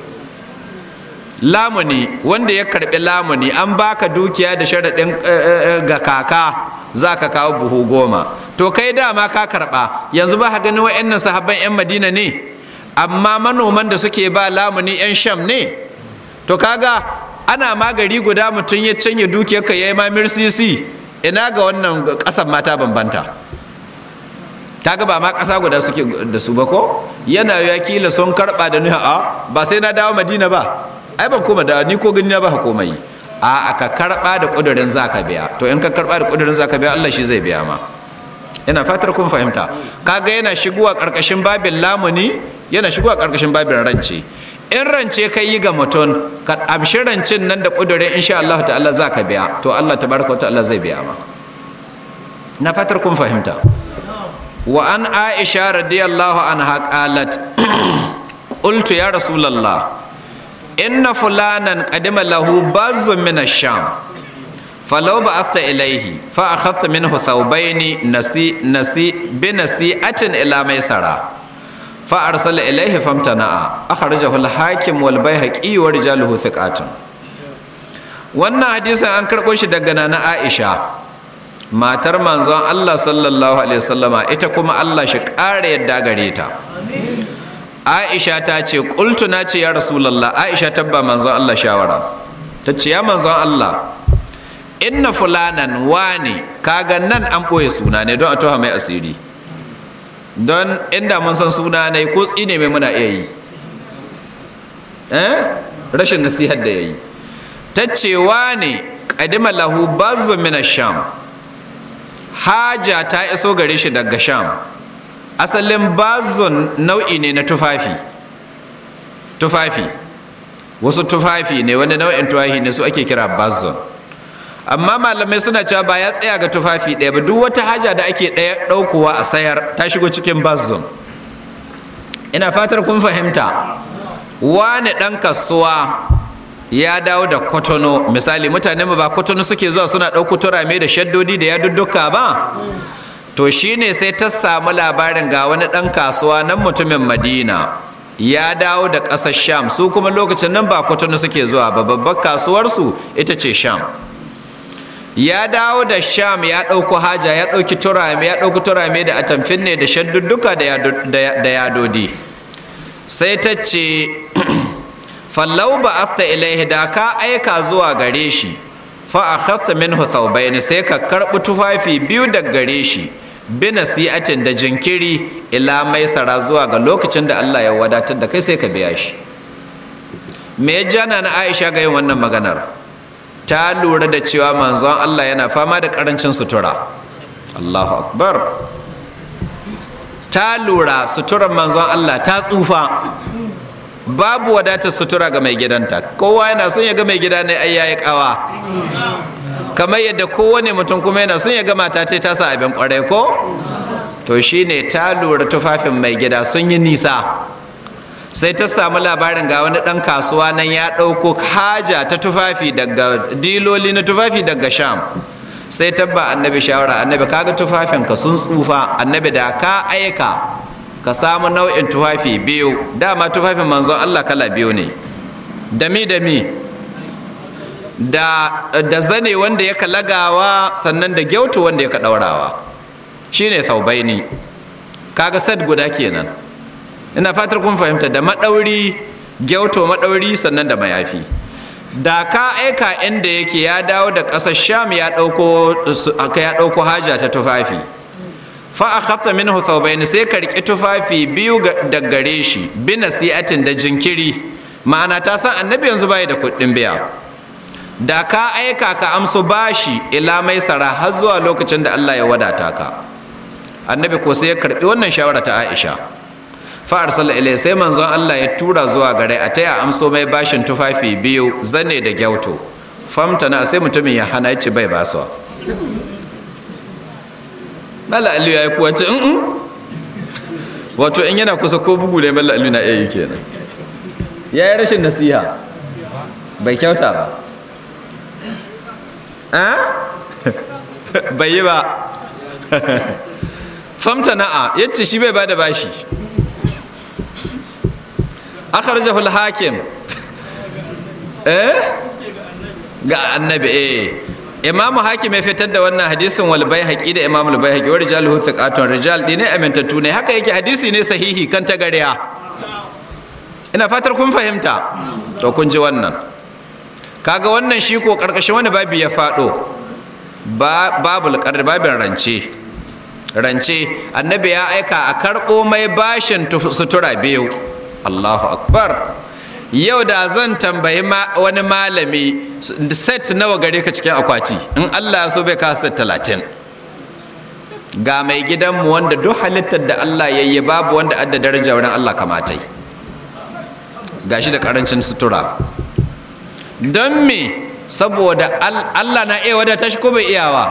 lamuni wanda ya karbi lamuni an baka dukiya da sharaɗin eh, eh, eh, ga kaka za ka kawo buhu goma to kai dama ka karba yanzu ba ka gani wa'annan sahabban 'yan madina ne amma manoman da suke ba lamuni 'yan sham ne to kaga ana magari guda mutum ya canye dukiyarka ya yi ma sisi ina ga wannan ƙasar mata bambanta kaga ba ma ƙasa guda suke da su ba ko yana ya kila sun karɓa da ni a ba sai na dawo madina ba ai ban koma da ni ko gani na ba komai a ka karba da za ka biya to in ka karba da za ka biya Allah shi zai biya ma ina fatar kun fahimta kaga yana shigowa karkashin babin lamuni yana shigowa karkashin babin rance in rance ka yi ga mutum ka amshi rancin nan da kudirin insha Allah ta'ala ka biya to Allah tabaraka wa ta'ala zai biya ma na fatar kun fahimta wa an aisha radiyallahu anha qalat [clears throat] qultu ya rasulullah inna fulanan qadima lahu bazzun min ash falau afta ilaihi fa akhadta minhu thawbayn nasi nasi bi nasi'atin ila maisara fa arsala ilaihi famtana'a akhrajahu al-hakim wal bayhaqi wa rijaluhu thiqatun wannan hadisin an karɓo shi daga nana Aisha matar manzon Allah sallallahu alaihi wasallama ita kuma Allah shi ƙara yadda gare ta aisha ta ce qultu na ce ya lalla aisha tabba manzon Allah shawara ta ce ya manzon Allah inna fulanan wani kaga nan an ɓoye suna ne don a tuha mai asiri don inda mun san suna ne ko tsine mai muna iya yi eh? rashin nasihar da ya yi ta ce wani ƙadima lahu bazu mina sham haja ta iso gare shi daga sham asalin bazon nau'i ne na tufafi tufafi wasu tufafi ne wani nau'in tufafi ne su ake kira bazon amma malamai suna cewa ba ya tsaya ga tufafi ɗaya ba duk wata haja da ake ɗaukowa a sayar ta shigo cikin bazon ina fatar kun fahimta wani ɗan kasuwa ya dawo da kotono misali mutane ba kotono suke zuwa suna ɗauko mai da shaddodi da ya dudduka ba to shi ne sai ta samu labarin ga wani ɗan kasuwa nan mutumin madina ya dawo da ƙasar sham su kuma lokacin nan ba kwatano suke zuwa ba babbar kasuwarsu ita ce sham ya dawo da sham ya ɗauko haja ya ɗauki turame ya ɗauki turame da atamfin ne da shaddudduka da yadodi sai ta ce [clears throat] fallau ba afta ilaihi da ka aika zuwa gare shi fa a min sai ka karɓi tufafi biyu da gare shi Bi nasi'atin da jinkiri ila sara zuwa ga lokacin da Allah ya wadatar da kai sai ka biya shi me ya jana na Aisha ga yin wannan maganar ta lura da cewa manzon Allah yana fama da karancin sutura Allahu akbar ta lura suturar manzon Allah ta tsufa babu wadatar sutura ga mai gidanta kowa yana son ya ga mai gida ne ayyayi kawa kamar yadda kowane mutum kuma yana sun ya gama ta ce ta sa abin kwarai ko to shi ne ta lura tufafin mai gida sun yi nisa sai ta samu labarin ga wani ɗan kasuwa nan ya ɗauko haja ta tufafi daga diloli na tufafi daga sham sai tabba annabi shawara annabi kaga tufafin ka sun tsufa annabi da ka aika ka samu nau'in tufafi biyu dama tufafin manzon allah kala biyu ne dami dami da, da zane wanda ya lagawa sannan da gyautu wanda yaka ɗaurawa shine thaubaini kaga sad guda kenan ina fatar kun fahimta da maɗauri gyauto maɗauri sannan da mayafi da ka aika inda yake ya dawo da ƙasar sham ya ɗauko haja ta tufafi fa a khatta minhu thawbayn sai ka riƙi tufafi biyu da gare shi bi nasi'atin da jinkiri ma'ana ta san annabi yanzu baya da kuɗin biya da ka aika ka amsu bashi ila mai sara har zuwa lokacin da Allah ya wadata ka annabi ko sai ya karbi wannan shawara ta Aisha fa arsala ilai sai manzon Allah ya tura zuwa gare a taya amso mai bashin tufafi biyu zane da gyauto famta na sai mutumin ya hana yace bai basuwa Mala ali ya yi wace ce wato in yana kusa ko bugu ne Mala ali na iya kenan ya yi rashin nasiha bai kyauta ba bai yi ba famta na'a ya shi bai ba da bashi akharjahul hakim eh? ga annabi eh imamu hakim ya fitar da wannan hadisin wal haƙi da imamu al baihaqi wa hutu thiqatun rijal ne amintattu ne haka yake hadisi ne sahihi kan tagariya ina fatar kun fahimta to kun ji wannan kaga wannan shi ko karkashin wani babi ya faɗo babul babin rance rance annabi ya aika a karɓo mai bashin sutura biyu allahu akbar yau da zan tambayi wani malami set nawa gare ka cikin akwati in allah so bai ka set talatin ga mai gidanmu wanda duk halittar da allah ya yi babu wanda adda daraja wurin allah kamatai gashi da karancin sutura don me saboda Allah na iya wadata shi ko bai iyawa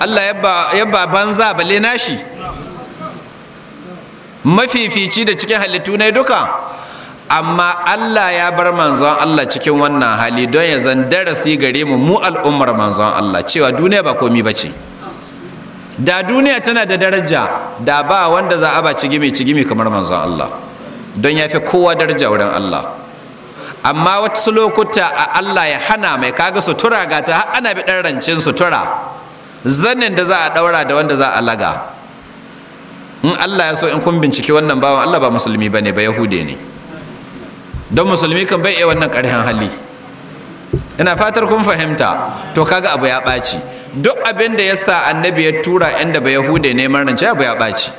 Allah yabba banza balle nashi mafifici da cikin halittu ne duka amma Allah ya bar manzon Allah cikin wannan hali don ya zan darasi gare mu mu al'ummar manzon Allah cewa duniya ba komi ba ce da duniya tana da daraja da ba wanda za a ba cigimi cigimi kamar manzon Allah don ya fi kowa daraja wurin Allah amma wasu lokuta a Allah ya hana mai kaga sutura ga ta ana bi dan rancin sutura zanin da za a ɗaura da wanda za a laga in Allah ya so in kun binciki wannan bawan Allah ba musulmi bane ba yahude ne don musulmi kan bai iya wannan ƙarfin hali ina fatar kun fahimta to kaga abu ya ɓaci duk abin da ya sa annabi ya tura inda ba yahude neman rance abu ya ɓaci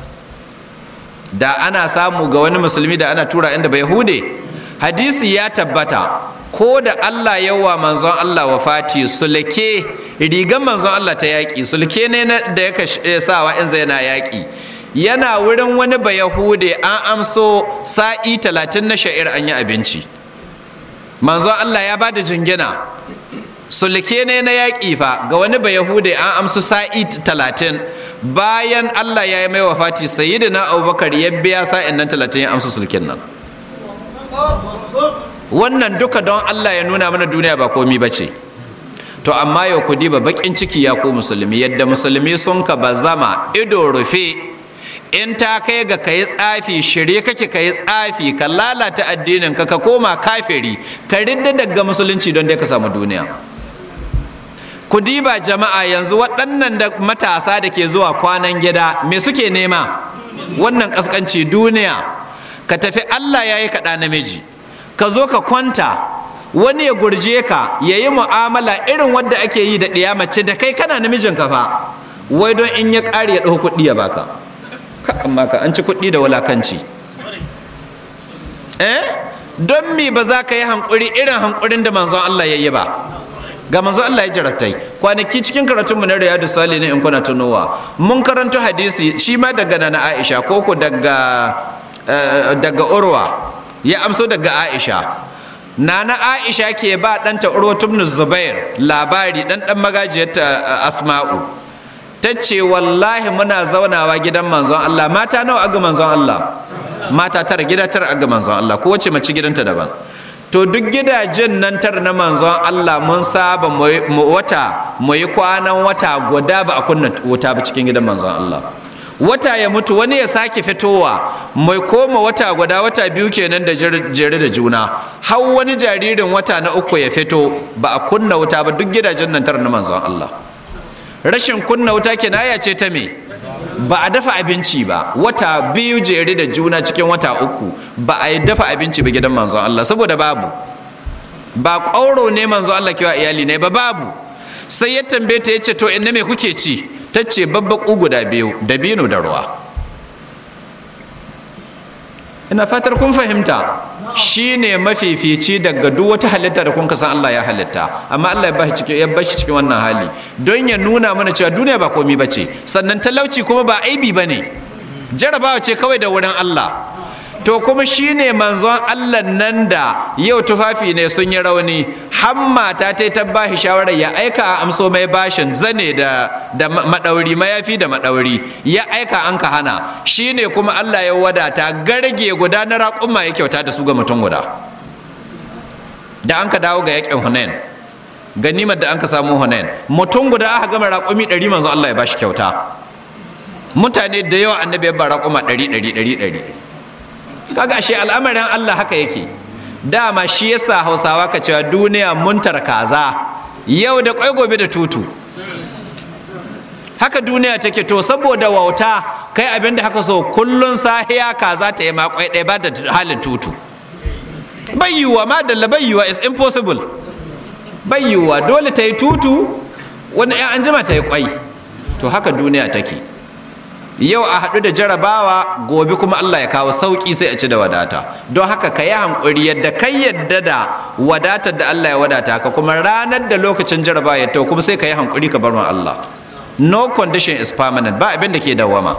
da ana samu ga wani musulmi da ana tura inda ba yahude hadisi ya tabbata ko da Allah yawa manzon Allah wafati sulke rigan manzon Allah ta yaƙi sulke ne da ya sawa in zai na yaƙi yana wurin wani bayahude an amso sa'i talatin na sha'ir an yi abinci manzon Allah ya ba da jingina sulke ne na yaƙi fa ga wani bayahude an amso sa'i talatin bayan Allah ya yi mai wafati sayyidina abubakar ya biya sa'in nan talatin ya amsa sulken nan wannan duka don Allah ya nuna mana duniya ba komi ba ce to amma yau ku diba bakin ciki ya ku musulmi yadda musulmi sun ka ba zama ido rufe in ta kai ga ka tsafi shirye kake ka tsafi ka lalata addinin ka ka koma kafiri ka ridda daga musulunci don dai ka samu duniya ku diba jama'a yanzu waɗannan da matasa da ke zuwa kwanan gida me suke nema wannan ƙasƙanci duniya ka tafi Allah ya yi kaɗa namiji ka zo ka kwanta wani ya gurje ka ya yi mu'amala irin wadda ake yi da ɗiya mace da kai kana namijin ka fa wai don in ya ƙari ya ɗauku kuɗi ya baka ka amma ka an ci kuɗi da walakanci eh don mi ba za ka yi hankuri irin hankurin da manzon Allah ya yi ba ga manzo Allah ya jarabtai kwanaki cikin mu na riyadu sali in kuna tunowa mun karanto hadisi shi ma daga nana aisha ko daga Eh, daga urwa ya amso daga aisha nana aisha ke ba danta Urwa tun zubair labari dan ɗan magajiyarta eh, asma'u ta ce wallahi muna zaunawa gidan manzon Allah mata nawa aga manzon Allah mata tara gida tara aga manzon Allah ko wace mace gidanta daban to duk gidajen nan tara na manzon Allah mun saba mu wata mu yi kwanan wata guda ba a kunna wuta ba cikin gidan manzon Allah wata ya mutu wani ya sake fitowa mai koma wata guda wata biyu kenan da jere da juna har wani jaririn wata na uku ya fito ba a kunna wuta ba duk gidajen nan tara na manzon Allah rashin kunna wuta ke na ce ta me ba a dafa abinci ba wata biyu jere da juna cikin wata uku ba a yi dafa abinci ba gidan manzon Allah saboda babu ba ƙauro ne manzon Allah kewa iyali ne ba babu sai ya tambaye ta ya ce to inna me kuke ci ta ce babbaƙu guda biyu da dabino da ruwa ina fatar kun fahimta shi ne mafifici daga duk wata halitta da kun san Allah ya halitta amma Allah ya bashi cikin cikin wannan hali don ya nuna mana cewa duniya ba komi ba ce. sannan talauci kuma ba aibi ba ne. jarabawa ce kawai da wurin Allah to kuma shine manzon Allah nan da yau tufafi ne sun yi rauni hamma ta ta ta bashi shawarar ya aika a amso mai bashin zane da da madauri mayafi da madauri ya aika an ka hana shine kuma Allah ya wadata garge guda na raƙuma ya kyauta da su ga mutum guda da an ka dawo ga yakin Hunain ganimar da an ka samu Hunain mutum guda aka gama raƙumi 100 manzon Allah ya bashi kyauta mutane da yawa annabi ya ba raƙuma 100 100 100 kaga ashe al'amarin Allah haka yake dama shi yasa Hausawa ka cewa duniya muntar kaza yau da kwai gobe da tutu haka duniya take to saboda wauta kai abin da haka so kullun sahiya kaza ta yi makwai ɗaya ba da halin tutu bai yiwuwa da bai yiwuwa is impossible bai yiwuwa dole ta yi tutu wani an anjima ta yi kwai to haka duniya take yau a haɗu da jarabawa gobe kuma Allah ya kawo sauƙi sai a ci da wadata don haka ka yi hankuri yadda kai yadda da wadatar da Allah ya wadata ka kuma ranar da lokacin jarabawa ya tau kuma sai ka yi hankuri ka bar ma Allah no condition is permanent ba abin da ke dawama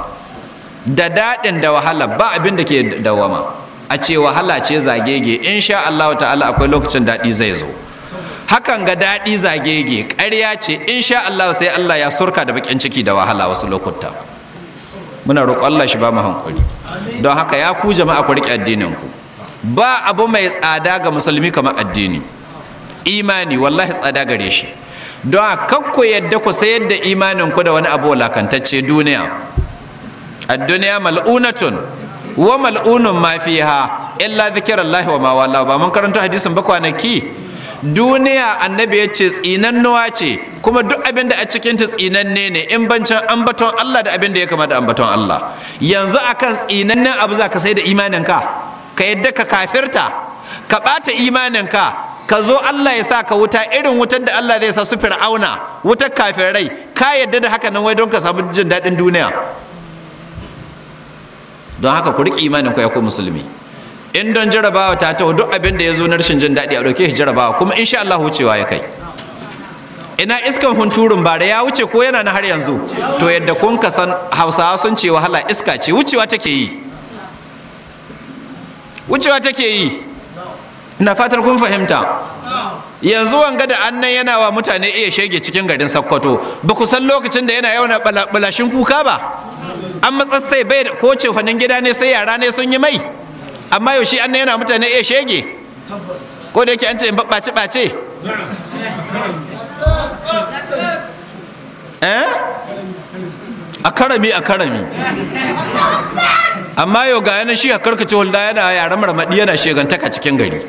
da daɗin da wahala ba abin da ke dawama a ce wahala ce zagege insha Allah ta'ala akwai lokacin daɗi zai zo hakan ga daɗi zagege ƙarya ce insha Allah sai Allah ya surka da bakin ciki da wahala wasu lokuta muna roƙo Allah shi ba mu hankuri don haka ya ku jama'a ku riƙe addinin ku ba abu mai tsada ga musulmi kamar addini imani wallahi tsada gare shi don haka ku yadda ku sayar da imanin ku da wani abu lakantacce duniya ad mal'unatun wa mal'unun mafiha illa illa lahi wa ma ba mun karanta hadisin ba kwanaki duniya annabi ya ce tsinannuwa ce kuma duk abin da a cikin ta tsinanne ne in bancin ambaton Allah da abin da ya kamata ambaton Allah yanzu akan tsinannen abu za ka sai da imaninka ka yadda ka kafirta ka ɓata imaninka ka zo Allah ya sa ka wuta irin wutar da Allah zai sa su fir'auna wutar kafirai ka yadda da haka nan wai don ka samu jin daɗin duniya don haka ku riƙe imanin ku ya ku musulmi in don jarabawa ta taho duk abin da ya zo na rashin jin daɗi a ɗauke shi jarabawa kuma in sha Allah wucewa ya kai ina iskan hunturun bare ya wuce ko yana na har yanzu to yadda kun ka san hausawa sun ce wahala iska ce wucewa take yi wucewa take yi ina fatar kun fahimta yanzu wanga da annan yana wa mutane iya shege cikin garin sakkwato ba ku san lokacin da yana yawan balashin kuka ba an matsatsai bai ko cefanin gida ne sai yara ne sun yi mai amma yaushe an yana mutane iya shege ko da yake an ce in ɓace ɓace eh? a karami a karami amma yau ga yana shi a karkace hulɗa yana yaren marmaɗi yana shegantaka cikin gari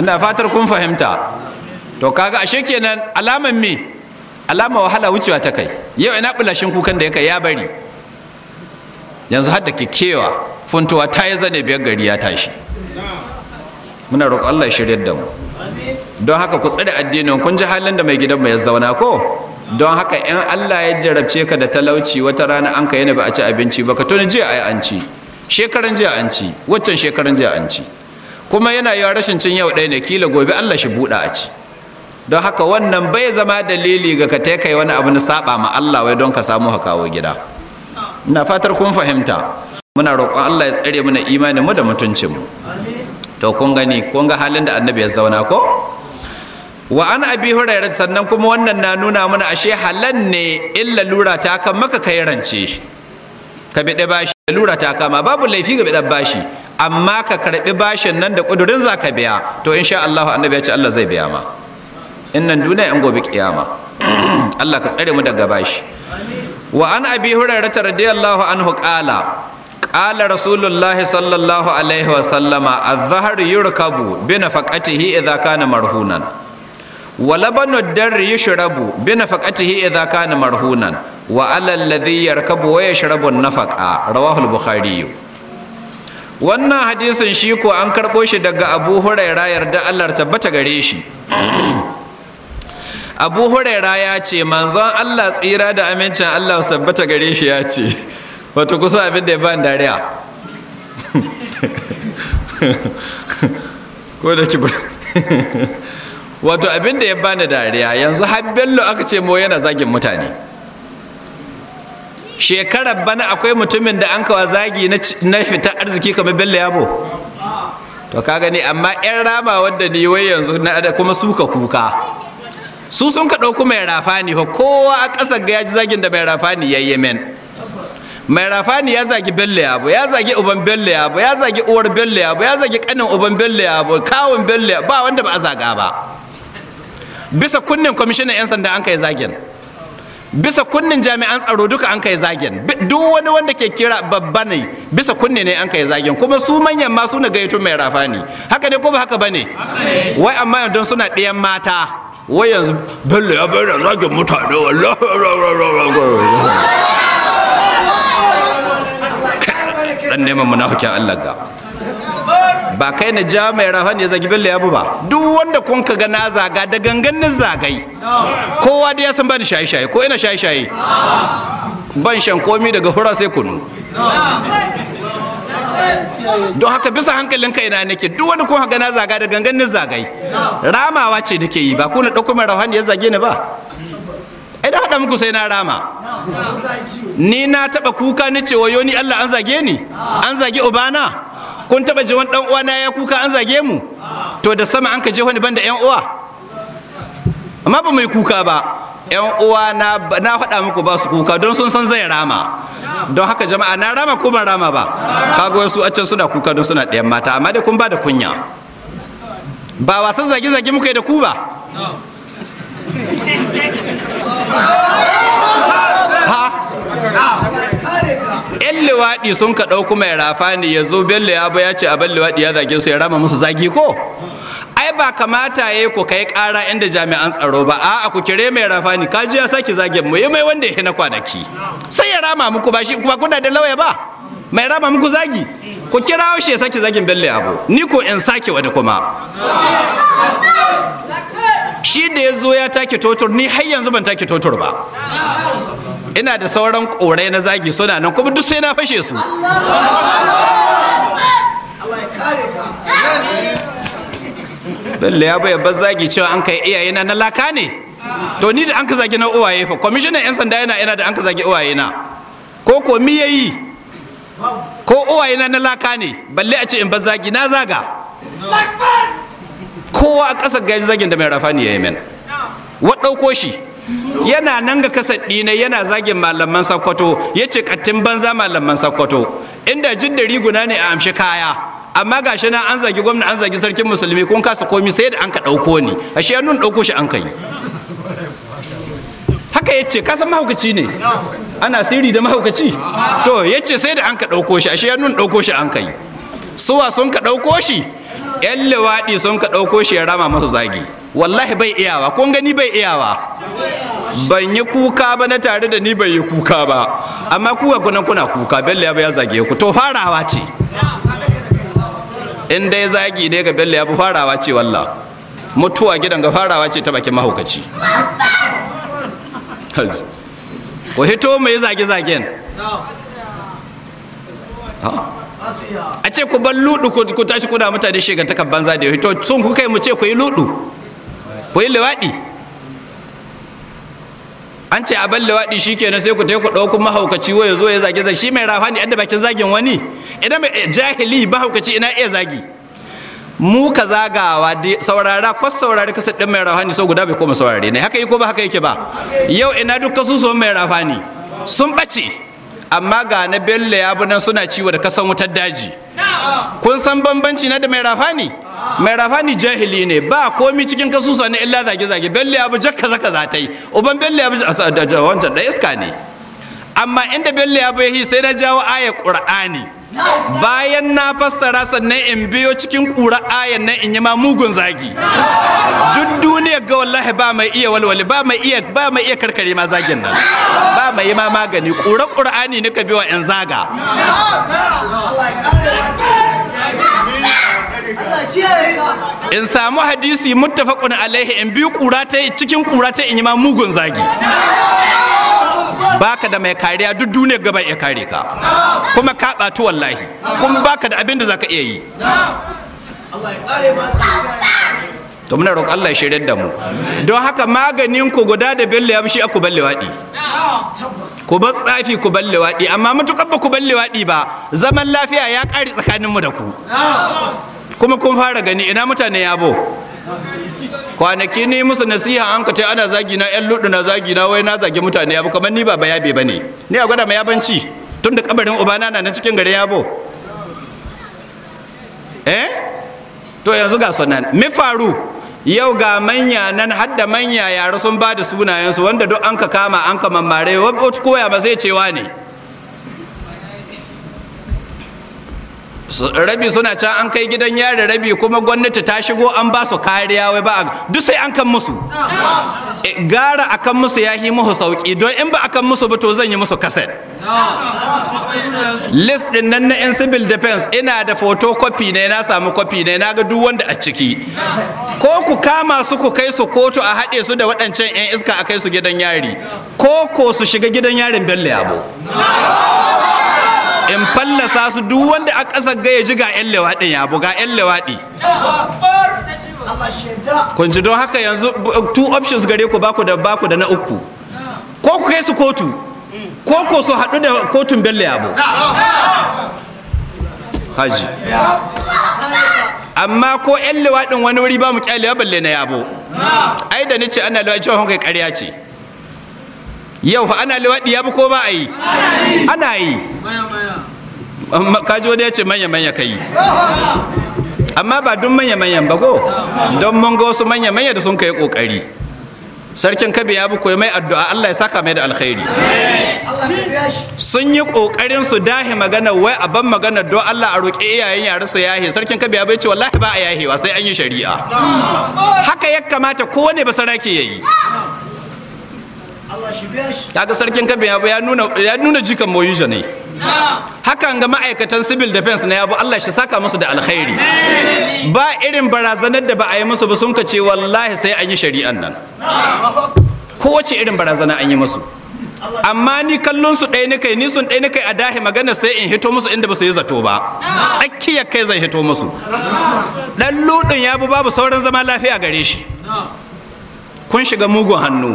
ina fatar kun fahimta to kaga ashe kenan alaman me alama wahala wucewa ta kai yau ina bulashin kukan da ya kai ya bari yanzu har da kekewa funtuwa ta yi zane biyar gari ya tashi muna roƙon Allah shirya da mu don haka ku tsare addinin kun ji halin da mai gidan mu ya zauna ko don haka in Allah ya jarabce ka da talauci wata rana an ka yana ba a ci abinci ba ka tuni jiya yi an ci shekaran jiya an ci waccan shekaran jiya an ci kuma yana yawa rashin cin yau ɗaya ne kila gobe Allah shi buɗa a ci don haka wannan bai zama dalili ga ka taikai wani abu na saba ma Allah wai don ka samu kawo gida ina fatar kun fahimta muna roƙon Allah ya tsare mana imanin mu da mutuncin mu to kun gani kun ga halin da annabi ya zauna ko wa an abi hurairah sannan kuma wannan na nuna mana ashe halan ne illa lura ta kan maka kai rance ka biɗe bashi lura ta kama babu laifi ga biɗe bashi amma ka karbi bashin nan da kudurin za ka biya to insha Allah annabi ya ce Allah zai biya ma innan duniya in gobe kiyama [clears throat] Allah ka tsare mu daga bashi wa an abi hurairah radiyallahu anhu qala qala rasulullahi sallallahu alaihi wa sallama az-zahr yurkabu bi nafaqatihi idza kana marhunan wa labanu dar yushrabu bi nafaqatihi idza kana marhunan wa yarkabu wa yashrabu nafaqa rawahu al-bukhari wannan hadisin shi ko an karbo shi daga abu hurairah yarda Allah tabbata gare shi abu huraira ya ce manzon allah tsira da amincin allah su tabbata gare shi ya ce wato kusa abin da ya ban dariya [laughs] ko da kibir [laughs] wato abin da ya bani dariya yanzu har bello aka ce mo yana zagin mutane shekarar bana akwai mutumin da an kawa zagi na fita arziki kamar bello yabo to ka gani amma yan rama wadda ni wai yanzu na kuma suka kuka su sun ka ɗauku mai rafani ko kowa a ƙasar ga ya ji zagin da mai rafani ya yi men mai rafani ya zagi bello yabo ya zagi uban bello yabo ya zagi uwar bello yabo ya zagi kanin uban bello yabo kawun bello ba wanda ba a zaga ba bisa kunnin kwamishinan 'yan sanda an kai zagin bisa kunnin jami'an tsaro duka an kai zagin duk wani wanda ke kira babba ne bisa kunne ne an kai zagin kuma su manyan ma suna gaito mai rafani haka ne ko ba haka bane wai amma don suna ɗiyan mata wai yanzu bello ya bayar da mutane wallahi dan neman munafikin Allah ga ba kai na ja mai rahan ya zagi bello ya bu ba duk wanda kun ka ga na zaga da ganganin zagai kowa da ya san ni shaye shaye ko ina shaye shaye ban shan komi daga hura sai kunu don haka bisa hankalin kai na nake duk wani kun haga na zaga da ganganin zagai ramawa ce nake yi ba kuna dauko mai rauhani ya zage ni ba ai da hada muku sai na rama ni na taba kuka ni ce wayo ni Allah an zage ni an zage ubana kun taba ji wani dan uwana ya kuka an zage mu to da sama an ka je wani banda yan uwa amma ba mai kuka ba yan uwa na na faɗa muku ba su kuka don sun san zai rama don haka jama'a na rama ko ban rama ba kaga wasu a can suna kuka don suna ɗayan mata amma dai kun ba da kunya ba wasan zage-zage muka da ku ba yan liwaɗi sun ka ɗauku mai rafa ne ya zo bello ya ba ya ce a ban liwaɗi ya zage su ya rama musu zagi ko ba kamata ya yi ku kai ƙara inda jami'an tsaro ba a'a ku kire mai rafani ka ji ya saki zage mu yi mai wanda ya na kwanaki sai ya rama muku ba shi kuma kuna da lauya ba mai rama muku zagi ku kira shi ya saki zagin belle abu ni ko in sake wani kuma shi da ya zo ya take totor ni har yanzu ban take totor ba ina da sauran korai na zagi suna nan kuma duk sai na fashe su Bello ya bai zagi cewa an kai iyaye na na laka ne to ni da an ka zagi na uwaye fa kwamishinan yan sanda yana yana da an ka zagi uwaye na ko ko mi yayi ko uwaye na na laka ne balle a ce in zagi na zaga kowa a ƙasa gaji zagin da mai rafani ya yi min wa ɗauko shi yana nan ga kasar ɗina yana zagin malaman sakkwato ya ce kattin banza malaman sakkwato inda jin da riguna ne a amshi kaya amma ga shi na an zagi gwamna an zagi sarkin musulmi kun kasa komi sai da an ka ɗauko ni ashe nun ɗauko shi an kai. haka ya ce kasan mahaukaci ne ana siri da mahaukaci to ya ce sai da an ka ɗauko shi ashe nun ɗauko shi an kai. suwa sun ka ɗauko shi yan lewaɗi sun ka ɗauko shi ya rama masa zagi wallahi bai iyawa kun gani bai iyawa ban yi kuka ba na tare da ni bai yi kuka ba amma kuka kuna kuna kuka bello ya zage ku to farawa ce in dai zagi ne ga bello ya fi farawa ce walla mutuwa gidan ga farawa ce ta bakin mahaukaci ku hito mai zage-zagen a ce ku ban ludu ku tashi kuna mutane shiga takabban zade hito sun ku kai mu ce ku yi ludu ku yi liwaɗi an ce a balle waɗi shi kenan sai ku ku ɗaukun mahaukaci wa ya zo ya zage zage shi mai rafa ne yadda bakin zagin wani idan eh, jahili mahaukaci ina iya zagi mu ka zagawa saurara ko saurari kasa ɗin mai rafa ne sau guda bai koma saurare ne haka yi ko ba haka yake ba yau ina duk kasusuwan mai rafa ne sun ɓace amma ga na bello ya nan suna ciwo da kasan wutar daji kun san bambanci na da mai rafa ne mai rafani jahili ne ba komi cikin kasusa ne illa zage zage bello abu jaka jakka zaka za uban bello abu da wanta da iska ne amma inda bello ya yi, sai na jawo aya qur'ani bayan na fassara sannan in biyo cikin ƙura ayan nan in yi ma mugun zagi duk duniya ga wallahi ba mai iya walwali ba mai iya ba mai iya karkare ma zagin nan ba mai yi ma magani ƙura ƙur'ani ka biyo in zaga in samu hadisi muttafaqun alaihi in biyu kura ta cikin kura ta in yi ma mugun zagi baka da mai kariya duk duniyar gaba ya kare ka kuma ka ɓatu wallahi kuma baka da abin da zaka iya yi to muna roƙon Allah ya shirya da mu don haka maganin ku guda da bello ya shi aku balle waɗi ku bar tsafi ku balle waɗi amma mutukar ba ku balle waɗi ba zaman lafiya ya ƙare tsakaninmu da ku kuma kun fara gani ina mutane yabo kwanaki ni musu nasiha an ka ce ana zagi na yan ludu na zagi na wai na zagi mutane yabo kamar ni ba ba yabe bane ni a gwada mai yabanci tunda kabarin ubana na cikin garin yabo eh to yanzu ga sunan mi faru yau ga manya nan hadda manya yara sun ba da sunayensu wanda duk an ka kama an ka ko ya ba zai cewa ne rabi suna can an kai gidan yari rabi kuma gwamnati ta shigo an ba su kariya wai ba duk sai an kan musu eh, gara a kan musu ya yi muhu sauki don in ba a kan musu ba to zan yi musu kaset list din nan na in civil defense ina da photocopy ne na samu copy ne na ga duk wanda a ciki ko ku kama su ku kai su kotu a haɗe su da waɗancan 'yan iska a kai su gidan yari ko ko su shiga gidan yarin bello yabo in fallasa su duk wanda a ƙasar gaya ji ga 'yan lewaɗin ya buga 'yan lewaɗi kun ji don haka yanzu two options gare ku baku da baku da na uku ko ku kai su kotu ko ko su haɗu da kotun bello bu haji amma ko 'yan lewaɗin wani wuri ba mu ƙyale balle na yabo ai da ni ce ana lewaɗin cewa kai ƙarya ce yau fa ana liwaɗi ya ko ba a yi ana yi kaji wani ya ce manya-manya ka yi amma ba don manya-manyan ba ko don mun ga wasu manya-manya da sun kai kokari sarkin kabe ya koyi mai addu'a Allah ya saka mai da alkhairi sun yi kokarin su dahi magana wai a ban magana don Allah a roƙe iyayen yare su yahe sarkin kabe ya bai ce wallahi ba a yahewa sai an yi shari'a haka ya kamata kowane basarake ya yi kaga sarkin kabe ya nuna ya nuna jikan moyuja ne hakan ga ma'aikatan civil defense na yabo Allah shi saka musu da alkhairi ba irin barazanar da ba a yi musu ba sun ka ce wallahi sai an yi shari'an nan kowace irin barazana an yi musu amma ni kallon su ɗaya nikai ni sun ɗaya nikai a dahi magana sai in hito musu inda ba su yi zato ba tsakiya kai zai hito musu dan ludin ya bu babu sauran zama lafiya gare shi kun shiga mugun hannu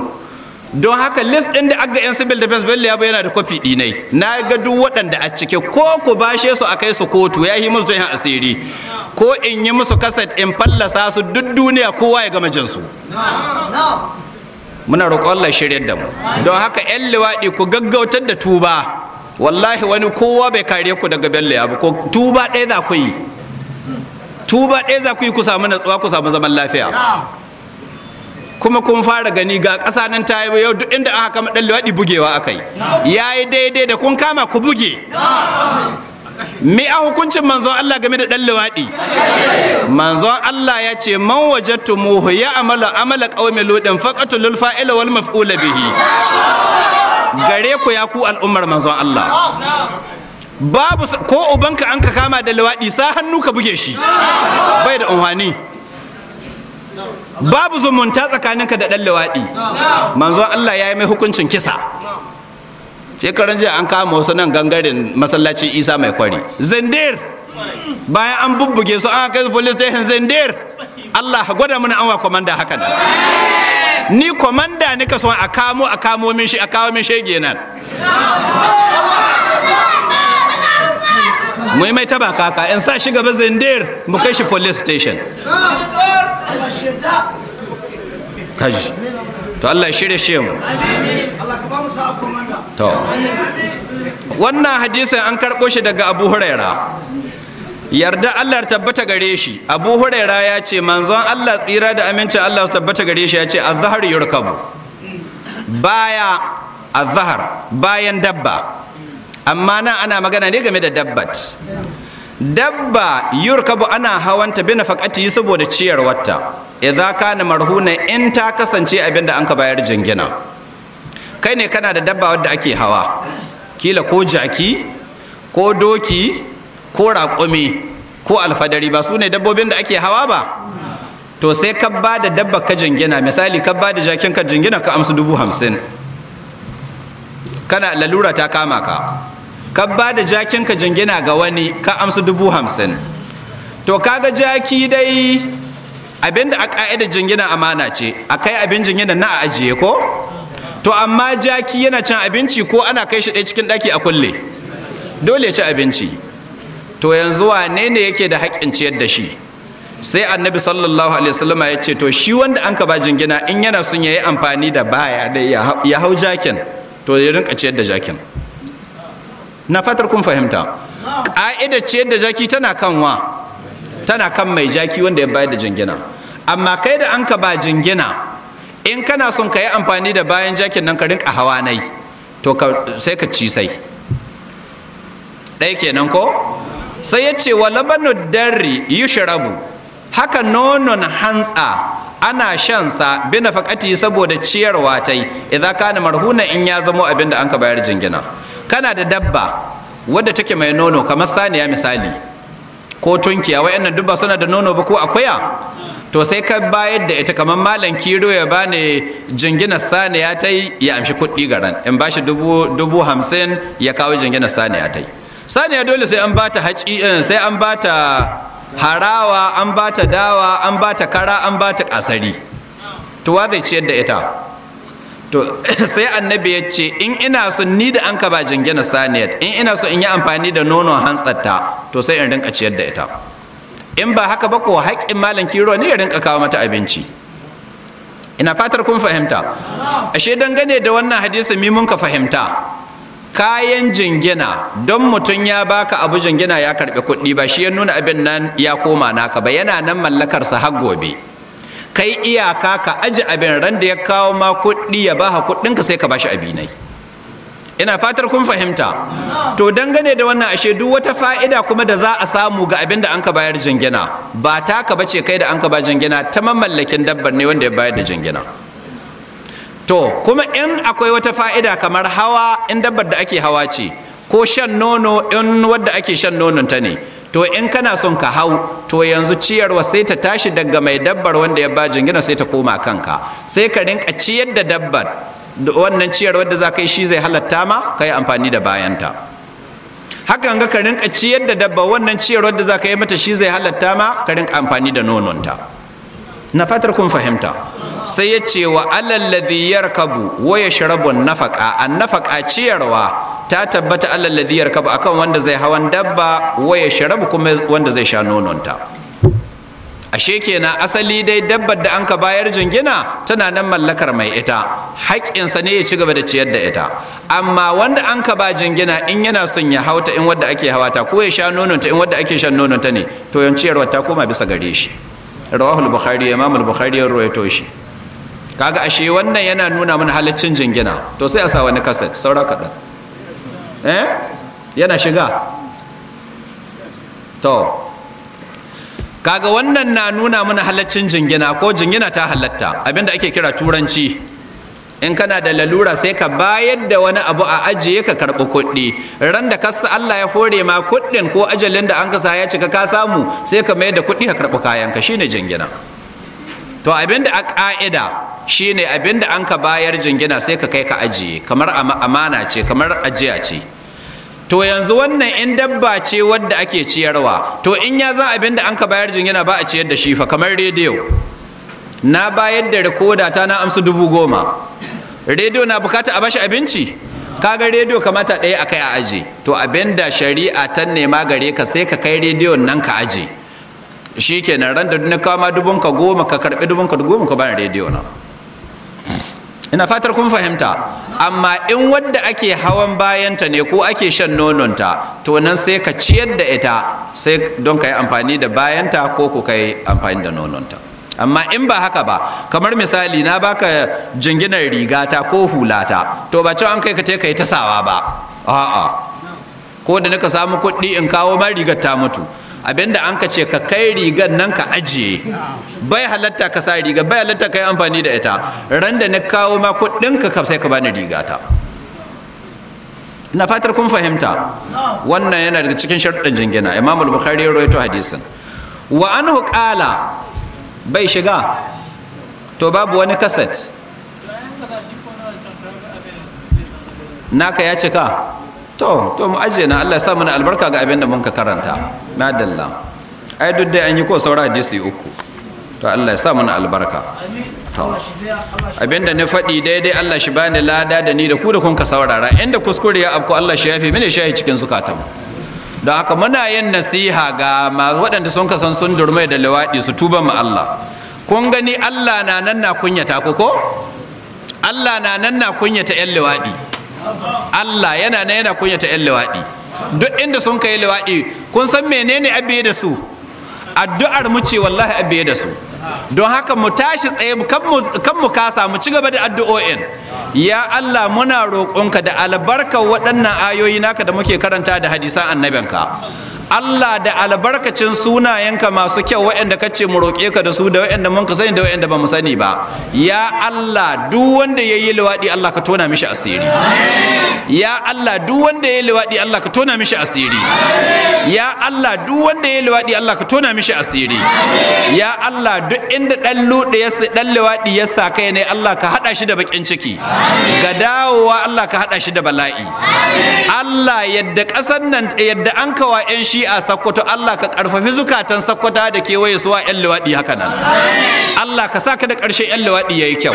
don haka list ɗin da aga yan civil defense bello ya yana da kofi ɗinai na ga duk waɗanda a cike ko ku bashe su a kai su kotu ya yi musu don asiri ko in yi musu kaset in fallasa su duk duniya kowa ya gama jin muna roƙo Allah shiryar da mu don haka yan liwaɗi ku gaggautar da tuba wallahi wani kowa bai kare ku daga bello ya ko tuba ɗaya za ku yi tuba ɗaya za ku yi ku samu natsuwa ku samu zaman lafiya kuma kun fara gani ga ƙasa nan ta yi yau duk inda aka kama ɗan waɗi bugewa aka yi ya yi daidai da kun kama ku buge me a hukuncin manzon Allah game da ɗan waɗi manzon Allah ya ce man wajattu muhu ya amala amala qaumi faƙatu lulfa ila wal maf'ula bihi gare ku ya ku al'ummar manzon Allah babu ko ubanka an ka kama da liwaɗi sa hannu ka buge shi bai da unhani babu zumunta tsakaninka da ɗan lewaɗi manzo Allah ya yi mai hukuncin kisa shekaran jiya an kama wasu nan gangarin masallaci isa mai kwari zindir bayan an bubbuge su an kai police station zindir Allah gwada mana an wa komanda nan ni komanda nika so a kamo a kamo min shi a kawo min shege nan mu yi mai taba kaka in sa shiga gaba zindir mu kai shi police station kaji to Allah shirye shi mu to wannan hadisin an karɓo shi daga Abu Huraira yarda Allah tabbata gare shi Abu Huraira ya ce manzon Allah tsira da amincin Allah su tabbata gare shi ya ce azhar yurkabu baya azhar bayan dabba amma nan ana magana ne game da dabbat dabba yurkabu ana hawanta bina faƙati saboda ciyar ciyarwarta idza kana marhuna in ta kasance abin da anka bayar jingina kai ne kana da dabba wadda ake hawa kila ko jaki ko doki ko raƙumi ko alfadari ba su ne dabbobin da ake hawa ba to sai ka ba da dabba ka jingina misali ka ba da jakin ka jingina ka amsu dubu hamsin kana lalura ta kama ka ka ba da jakin ka jingina ga wani ka amsa dubu hamsin to kaga jaki dai abinda a ka'ida jingina amana ce a kai abin jingina na a ajiye ko to amma jaki yana cin abinci ko ana kai shi ɗaya cikin ɗaki a kulle dole ya ci abinci to yanzu wane ne yake da haƙƙin ciyar da shi sai annabi sallallahu alaihi wasallama ya ce to shi wanda an ka ba jingina in yana son ya yi amfani da baya da ya hau jakin to ya rinka ciyar da jakin na fatar kun fahimta ƙa'idar ciyar da jaki tana kan wa tana kan mai jaki wanda ya bayar da jingina amma kai da an ka ba jingina in kana son ka yi amfani da bayan jakin nan ka rinka hawa nai to sai ka ci sai ɗaya kenan ko sai ya ce wa darri yi shirabu haka nonon hantsa ana shan sa, bina faƙati saboda ciyarwa ta tai idza kana marhuna in ya zamo abin da an ka bayar jingina kana da dabba wadda take mai nono kamar saniya misali ko tunkiya wayannan dubba suna da nono ba ko akwaya to sai ka bayar da ita kamar malam kiro ya bani jingina saniya ta yi ya amshi kuɗi garan in ba dubu hamsin ya kawo jingina saniya ta yi saniya dole sai an bata haci eh, sai an bata harawa an bata dawa an bata kara an bata kasari to wa zai ciyar da ita to [laughs] sai annabi ya ce in ina so ni da an ka ba jingina saniyat in ina so in yi amfani da nono hantsarta to sai in rinka ciyar da ita in ba haka ba ko haƙƙin malam kiro ne ya rinka kawo mata abinci ina fatar kun fahimta ashe dangane da wannan hadisi mi mun ka fahimta kayan jingina don mutum ya baka abu jingina ya karbi kuɗi ba shi ya nuna abin nan ya koma naka ba yana nan mallakarsa har gobe kai iyaka ka aji abin ran da ya kawo ma kuɗi ya baka kuɗinka sai ka bashi abinai ina fatar kun fahimta to dangane da wannan ashe duk wata fa'ida kuma da za a samu ga abin da an ka bayar jingina ba ta ka bace kai da an ka ba jingina ta mamallakin dabbar ne wanda ya bayar da jingina to kuma in akwai wata fa'ida kamar hawa in dabbar da ake hawa ce ko shan nono in wadda ake shan nonon ta ne to in kana son ka hau to yanzu ciyarwa sai ta tashi daga mai dabbar wanda ya ba jingina sai ta koma kanka sai ka rinka ciyar da dabbar wannan ciyar wadda za ka yi shi zai halatta ma ka yi amfani da bayanta hakan ga ka rinka ciyar da dabba wannan ciyar wadda za ka yi mata shi zai halatta ma ka rinka amfani da nononta na fatar kun fahimta sai ya ce wa alalladhi yarkabu wa yashrabu nafaqa an nafaqa ciyarwa ta tabbata alalladhi yarkabu akan wanda zai hawan dabba wa yashrabu kuma wanda zai sha nononta ashe kenan asali dai dabbar da anka bayar jingina tana nan mallakar mai ita sa ne ya ci gaba da ciyar da ita amma wanda anka ba jingina in yana son ya hauta in wadda ake hawata ko ya sha nononta in wadda ake shan nononta ne to yan ciyarwa ta koma bisa gare shi rawahul bukhari imam al-bukhari ya rawaito shi kaga ashe wannan yana nuna mana halaccin jingina to sai a sa wani kaset saura kaɗan eh yana shiga to kaga wannan na nuna mana halaccin jingina ko jingina ta halatta abinda ake kira turanci in kana da lalura sai ka bayar da wani abu a ajiye ka karɓi kuɗi ran da kasa Allah ya fore ma kuɗin ko ajalin da an kasa ya cika ka samu sai ka mayar da kuɗi ka karɓi kayan ka shine jingina to abin da a ƙa'ida shine abin da an ka bayar jingina sai ka kai ka ajiye kamar amana ce kamar ajiya ce to yanzu wannan in dabba ce wadda ake ciyarwa to in ya za abin da an ka bayar jingina ba a ciyar da shi fa kamar rediyo na bayar da rikoda ta na amsu dubu goma rediyo na bukata a bashi abinci kaga rediyo kamata ɗaya a kai a aji to abin da shari'a ta nema gare ka sai ka kai rediyon nan ka aji shi nan ran da na kama dubun ka goma ka karɓi dubun ka goma ka bani rediyo na ina fatar kun fahimta amma in wadda ake hawan bayanta ne ko ake shan nononta to nan sai ka ciyar da ita sai don ka yi amfani da bayanta ko ku kai amfani da nononta amma in ba haka ba kamar misali na baka jinginar rigata ko hulata to ba cewa an kai ka te kai tasawa ba a'a ko da nika samu kuɗi in kawo ma rigar ta mutu abinda an ka ce ka kai rigar nan ka ajiye bai halatta ka sa riga bai halatta ka yi amfani da ita ran da na kawo ma kuɗin ka sai ka bani rigata ina fatar kun fahimta wannan yana daga cikin sharɗin jingina imam al-bukhari ya rawaito hadisin wa anhu qala bai shiga to babu wani kaset naka ya cika to to mu aje na Allah sa mana albarka ga abin da mun ka karanta na dalla ai duk dai an yi ko saura hadisi uku to Allah ya sa mana albarka to abin da na faɗi daidai Allah shi bani lada da ni da ku da kun ka saurara inda kuskure ya afko Allah shi yafi mini shi cikin zukatan don haka muna yin nasiha ga waɗanda sun kasan sun durmai da liwaɗi su tuba ma Allah kun gani Allah na nan na kunyata ku ko Allah na nan na kunyata ƴan liwaɗi Allah yana nan yana kunyata ƴan liwaɗi duk inda sun kai liwaɗi kun san menene abiye da su addu'ar mu ce wallahi a da su don haka mu tashi tsaye kan mu kasa mu ci gaba da addu'o'in ya Allah muna roƙonka da albarkar waɗannan ayoyi naka da muke karanta da hadisan annabinka Allah da albarkacin sunayenka masu kyau waɗanda ka ce mu roƙe ka da su da waɗanda mun ka sani da waɗanda ba mu sani ba ya Allah duk wanda ya yi liwaɗi Allah ka tona mishi asiri ya Allah duk wanda ya yi liwaɗi Allah ka tona mishi asiri ya Allah duk wanda ya yi liwaɗi Allah ka tona mishi asiri ya Allah duk inda ɗan luɗe ya ɗan liwaɗi ya sa kai ne Allah ka haɗa shi da baƙin ciki ga dawowa Allah ka haɗa shi da bala'i Allah yadda ƙasar nan yadda an kawa 'yan shi a sakkwato Allah ka karfafi zukatan sakkwata da kewaye suwa yan luwaɗi haka nan Allah ka sa ka da ƙarshe yan luwaɗi ya yi kyau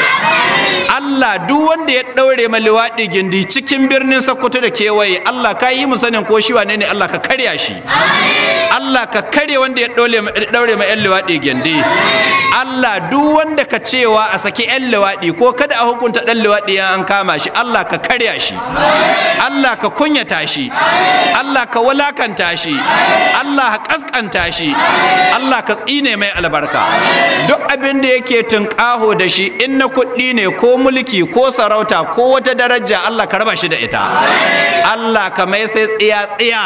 Allah duk wanda ya ɗaure ma luwaɗi gindi cikin birnin sakkwato da kewaye Allah ka yi mu sanin ko shi wane ne Allah ka karya shi Allah ka karya wanda ya ɗaure ma yan luwaɗi gindi Allah duk wanda ka cewa a saki yan luwaɗi ko kada a hukunta ɗan luwaɗi an kama shi Allah ka karya shi Allah ka kunyata shi Allah ka walakanta shi Allah ka kaskanta shi Allah ka tsine mai albarka duk abin da yake tunƙaho da shi in na kuɗi ne ko mulki ko sarauta ko wata daraja Allah ka raba shi da ita Allah ka mai sai tsiya tsiya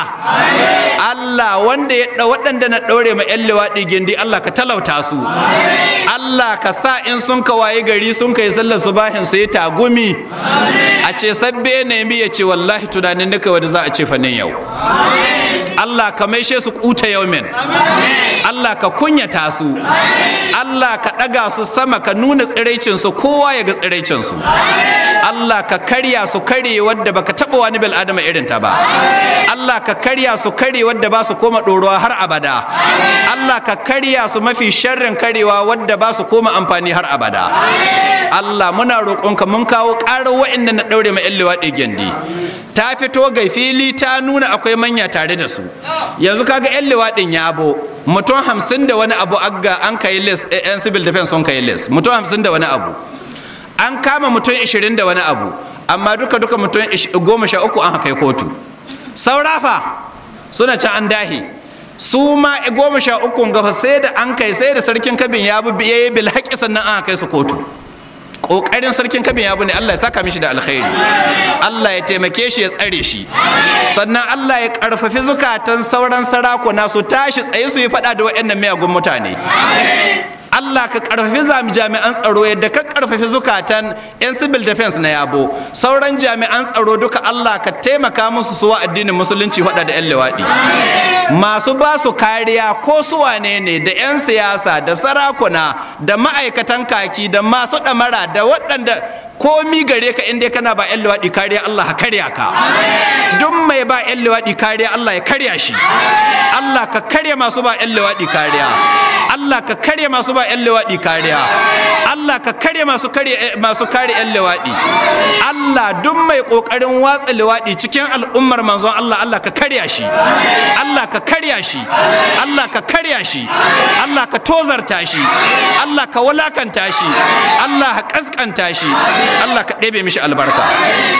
Allah wanda ya da waɗanda na ɗaure ma ƴan liwaɗi gindi Allah ka talauta su Allah ka sa in sun ka waye gari sun yi sallar subahin su yi tagumi a ce sabbe ne ya ce wallahi tunanin naka wanda za a ce fannin yau Allah ka maishe su kuta min. Allah ka kunyata su Allah ka ɗaga su sama ka nuna tsiraicin su kowa ya ga tsiraicin Allah ka karya su kare wadda baka taba wani bil adama irin ta ba Allah ka karya su kare wadda ba su koma ɗorowa har abada Allah ka karya su mafi sharrin karewa wadda ba su koma amfani har abada Allah muna roƙonka mun kawo ƙarar wa'inda na ɗaure ma 'yan liwaɗi ta fito ga fili ta nuna akwai manya tare da su yanzu kaga yan liwaɗin ya bo mutum hamsin da wani abu agga an ka les eh, yan civil defense sun ka les mutum hamsin da wani abu an kama mutum ishirin da wani abu amma duka duka mutum goma sha uku an haka kotu saurafa suna can an dahi su ma goma sha uku gafa sai da an kai sai da sarkin kabin ya bi ya yi sannan an haka su kotu kokarin sarkin kamin ya bune Allah ya saka mishi da alkhairi Allah ya taimake shi ya tsare shi sannan Allah ya karfafi zukatan sauran sarakuna su tashi tsaye su yi fada da waɗannan miyagun mutane Allah ka karfafi jami'an tsaro yadda ka karfafi zukatan 'yan civil defense na yabo sauran jami'an tsaro duka Allah ka taimaka musu suwa addinin musulunci hada da 'yan lewaɗi masu ba su kariya ko su wane ne da 'yan siyasa da sarakuna da ma'aikatan kaki da masu ɗamara da waɗanda komi gare ka inda kana ba yan luwaɗi kariya Allah ka karya ka duk mai ba yan luwaɗi kariya Allah ya karya shi Allah ka karya masu ba yan luwaɗi kariya Allah ka karya masu ba yan luwaɗi kariya Allah ka karya masu kare masu kare yan luwaɗi Allah duk mai kokarin watsa luwaɗi cikin al'ummar manzon Allah Allah ka karya shi Allah ka karya shi Allah ka karya shi Allah ka tozarta shi Allah ka walakanta shi Allah ka kaskanta shi Allah ka ɗebe mishi albarka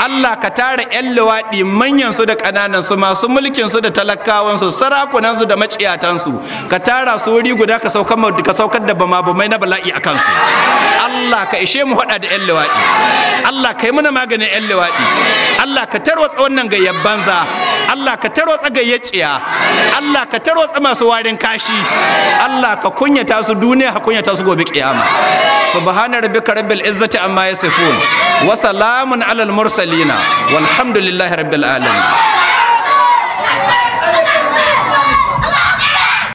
Allah ka tara yan luwaɗi manyan su da ƙananan su masu mulkin su da talakawan su sarakunan su da maciyatan su ka tara su wuri guda ka saukar da bama mai na bala'i a kansu Allah ka ishe mu hada da yan luwaɗi Allah ka yi mana maganin yan luwaɗi Allah ka tarwatsa wannan gayyar banza Allah ka tarwatsa gayyaciya Allah ka tarwatsa masu warin kashi Allah ka kunyata su duniya ka kunyata su gobe kiyama subhana rabbika rabbil izzati amma yasifun wa salamun alal mursalina walhamdulillahi rabbil alamin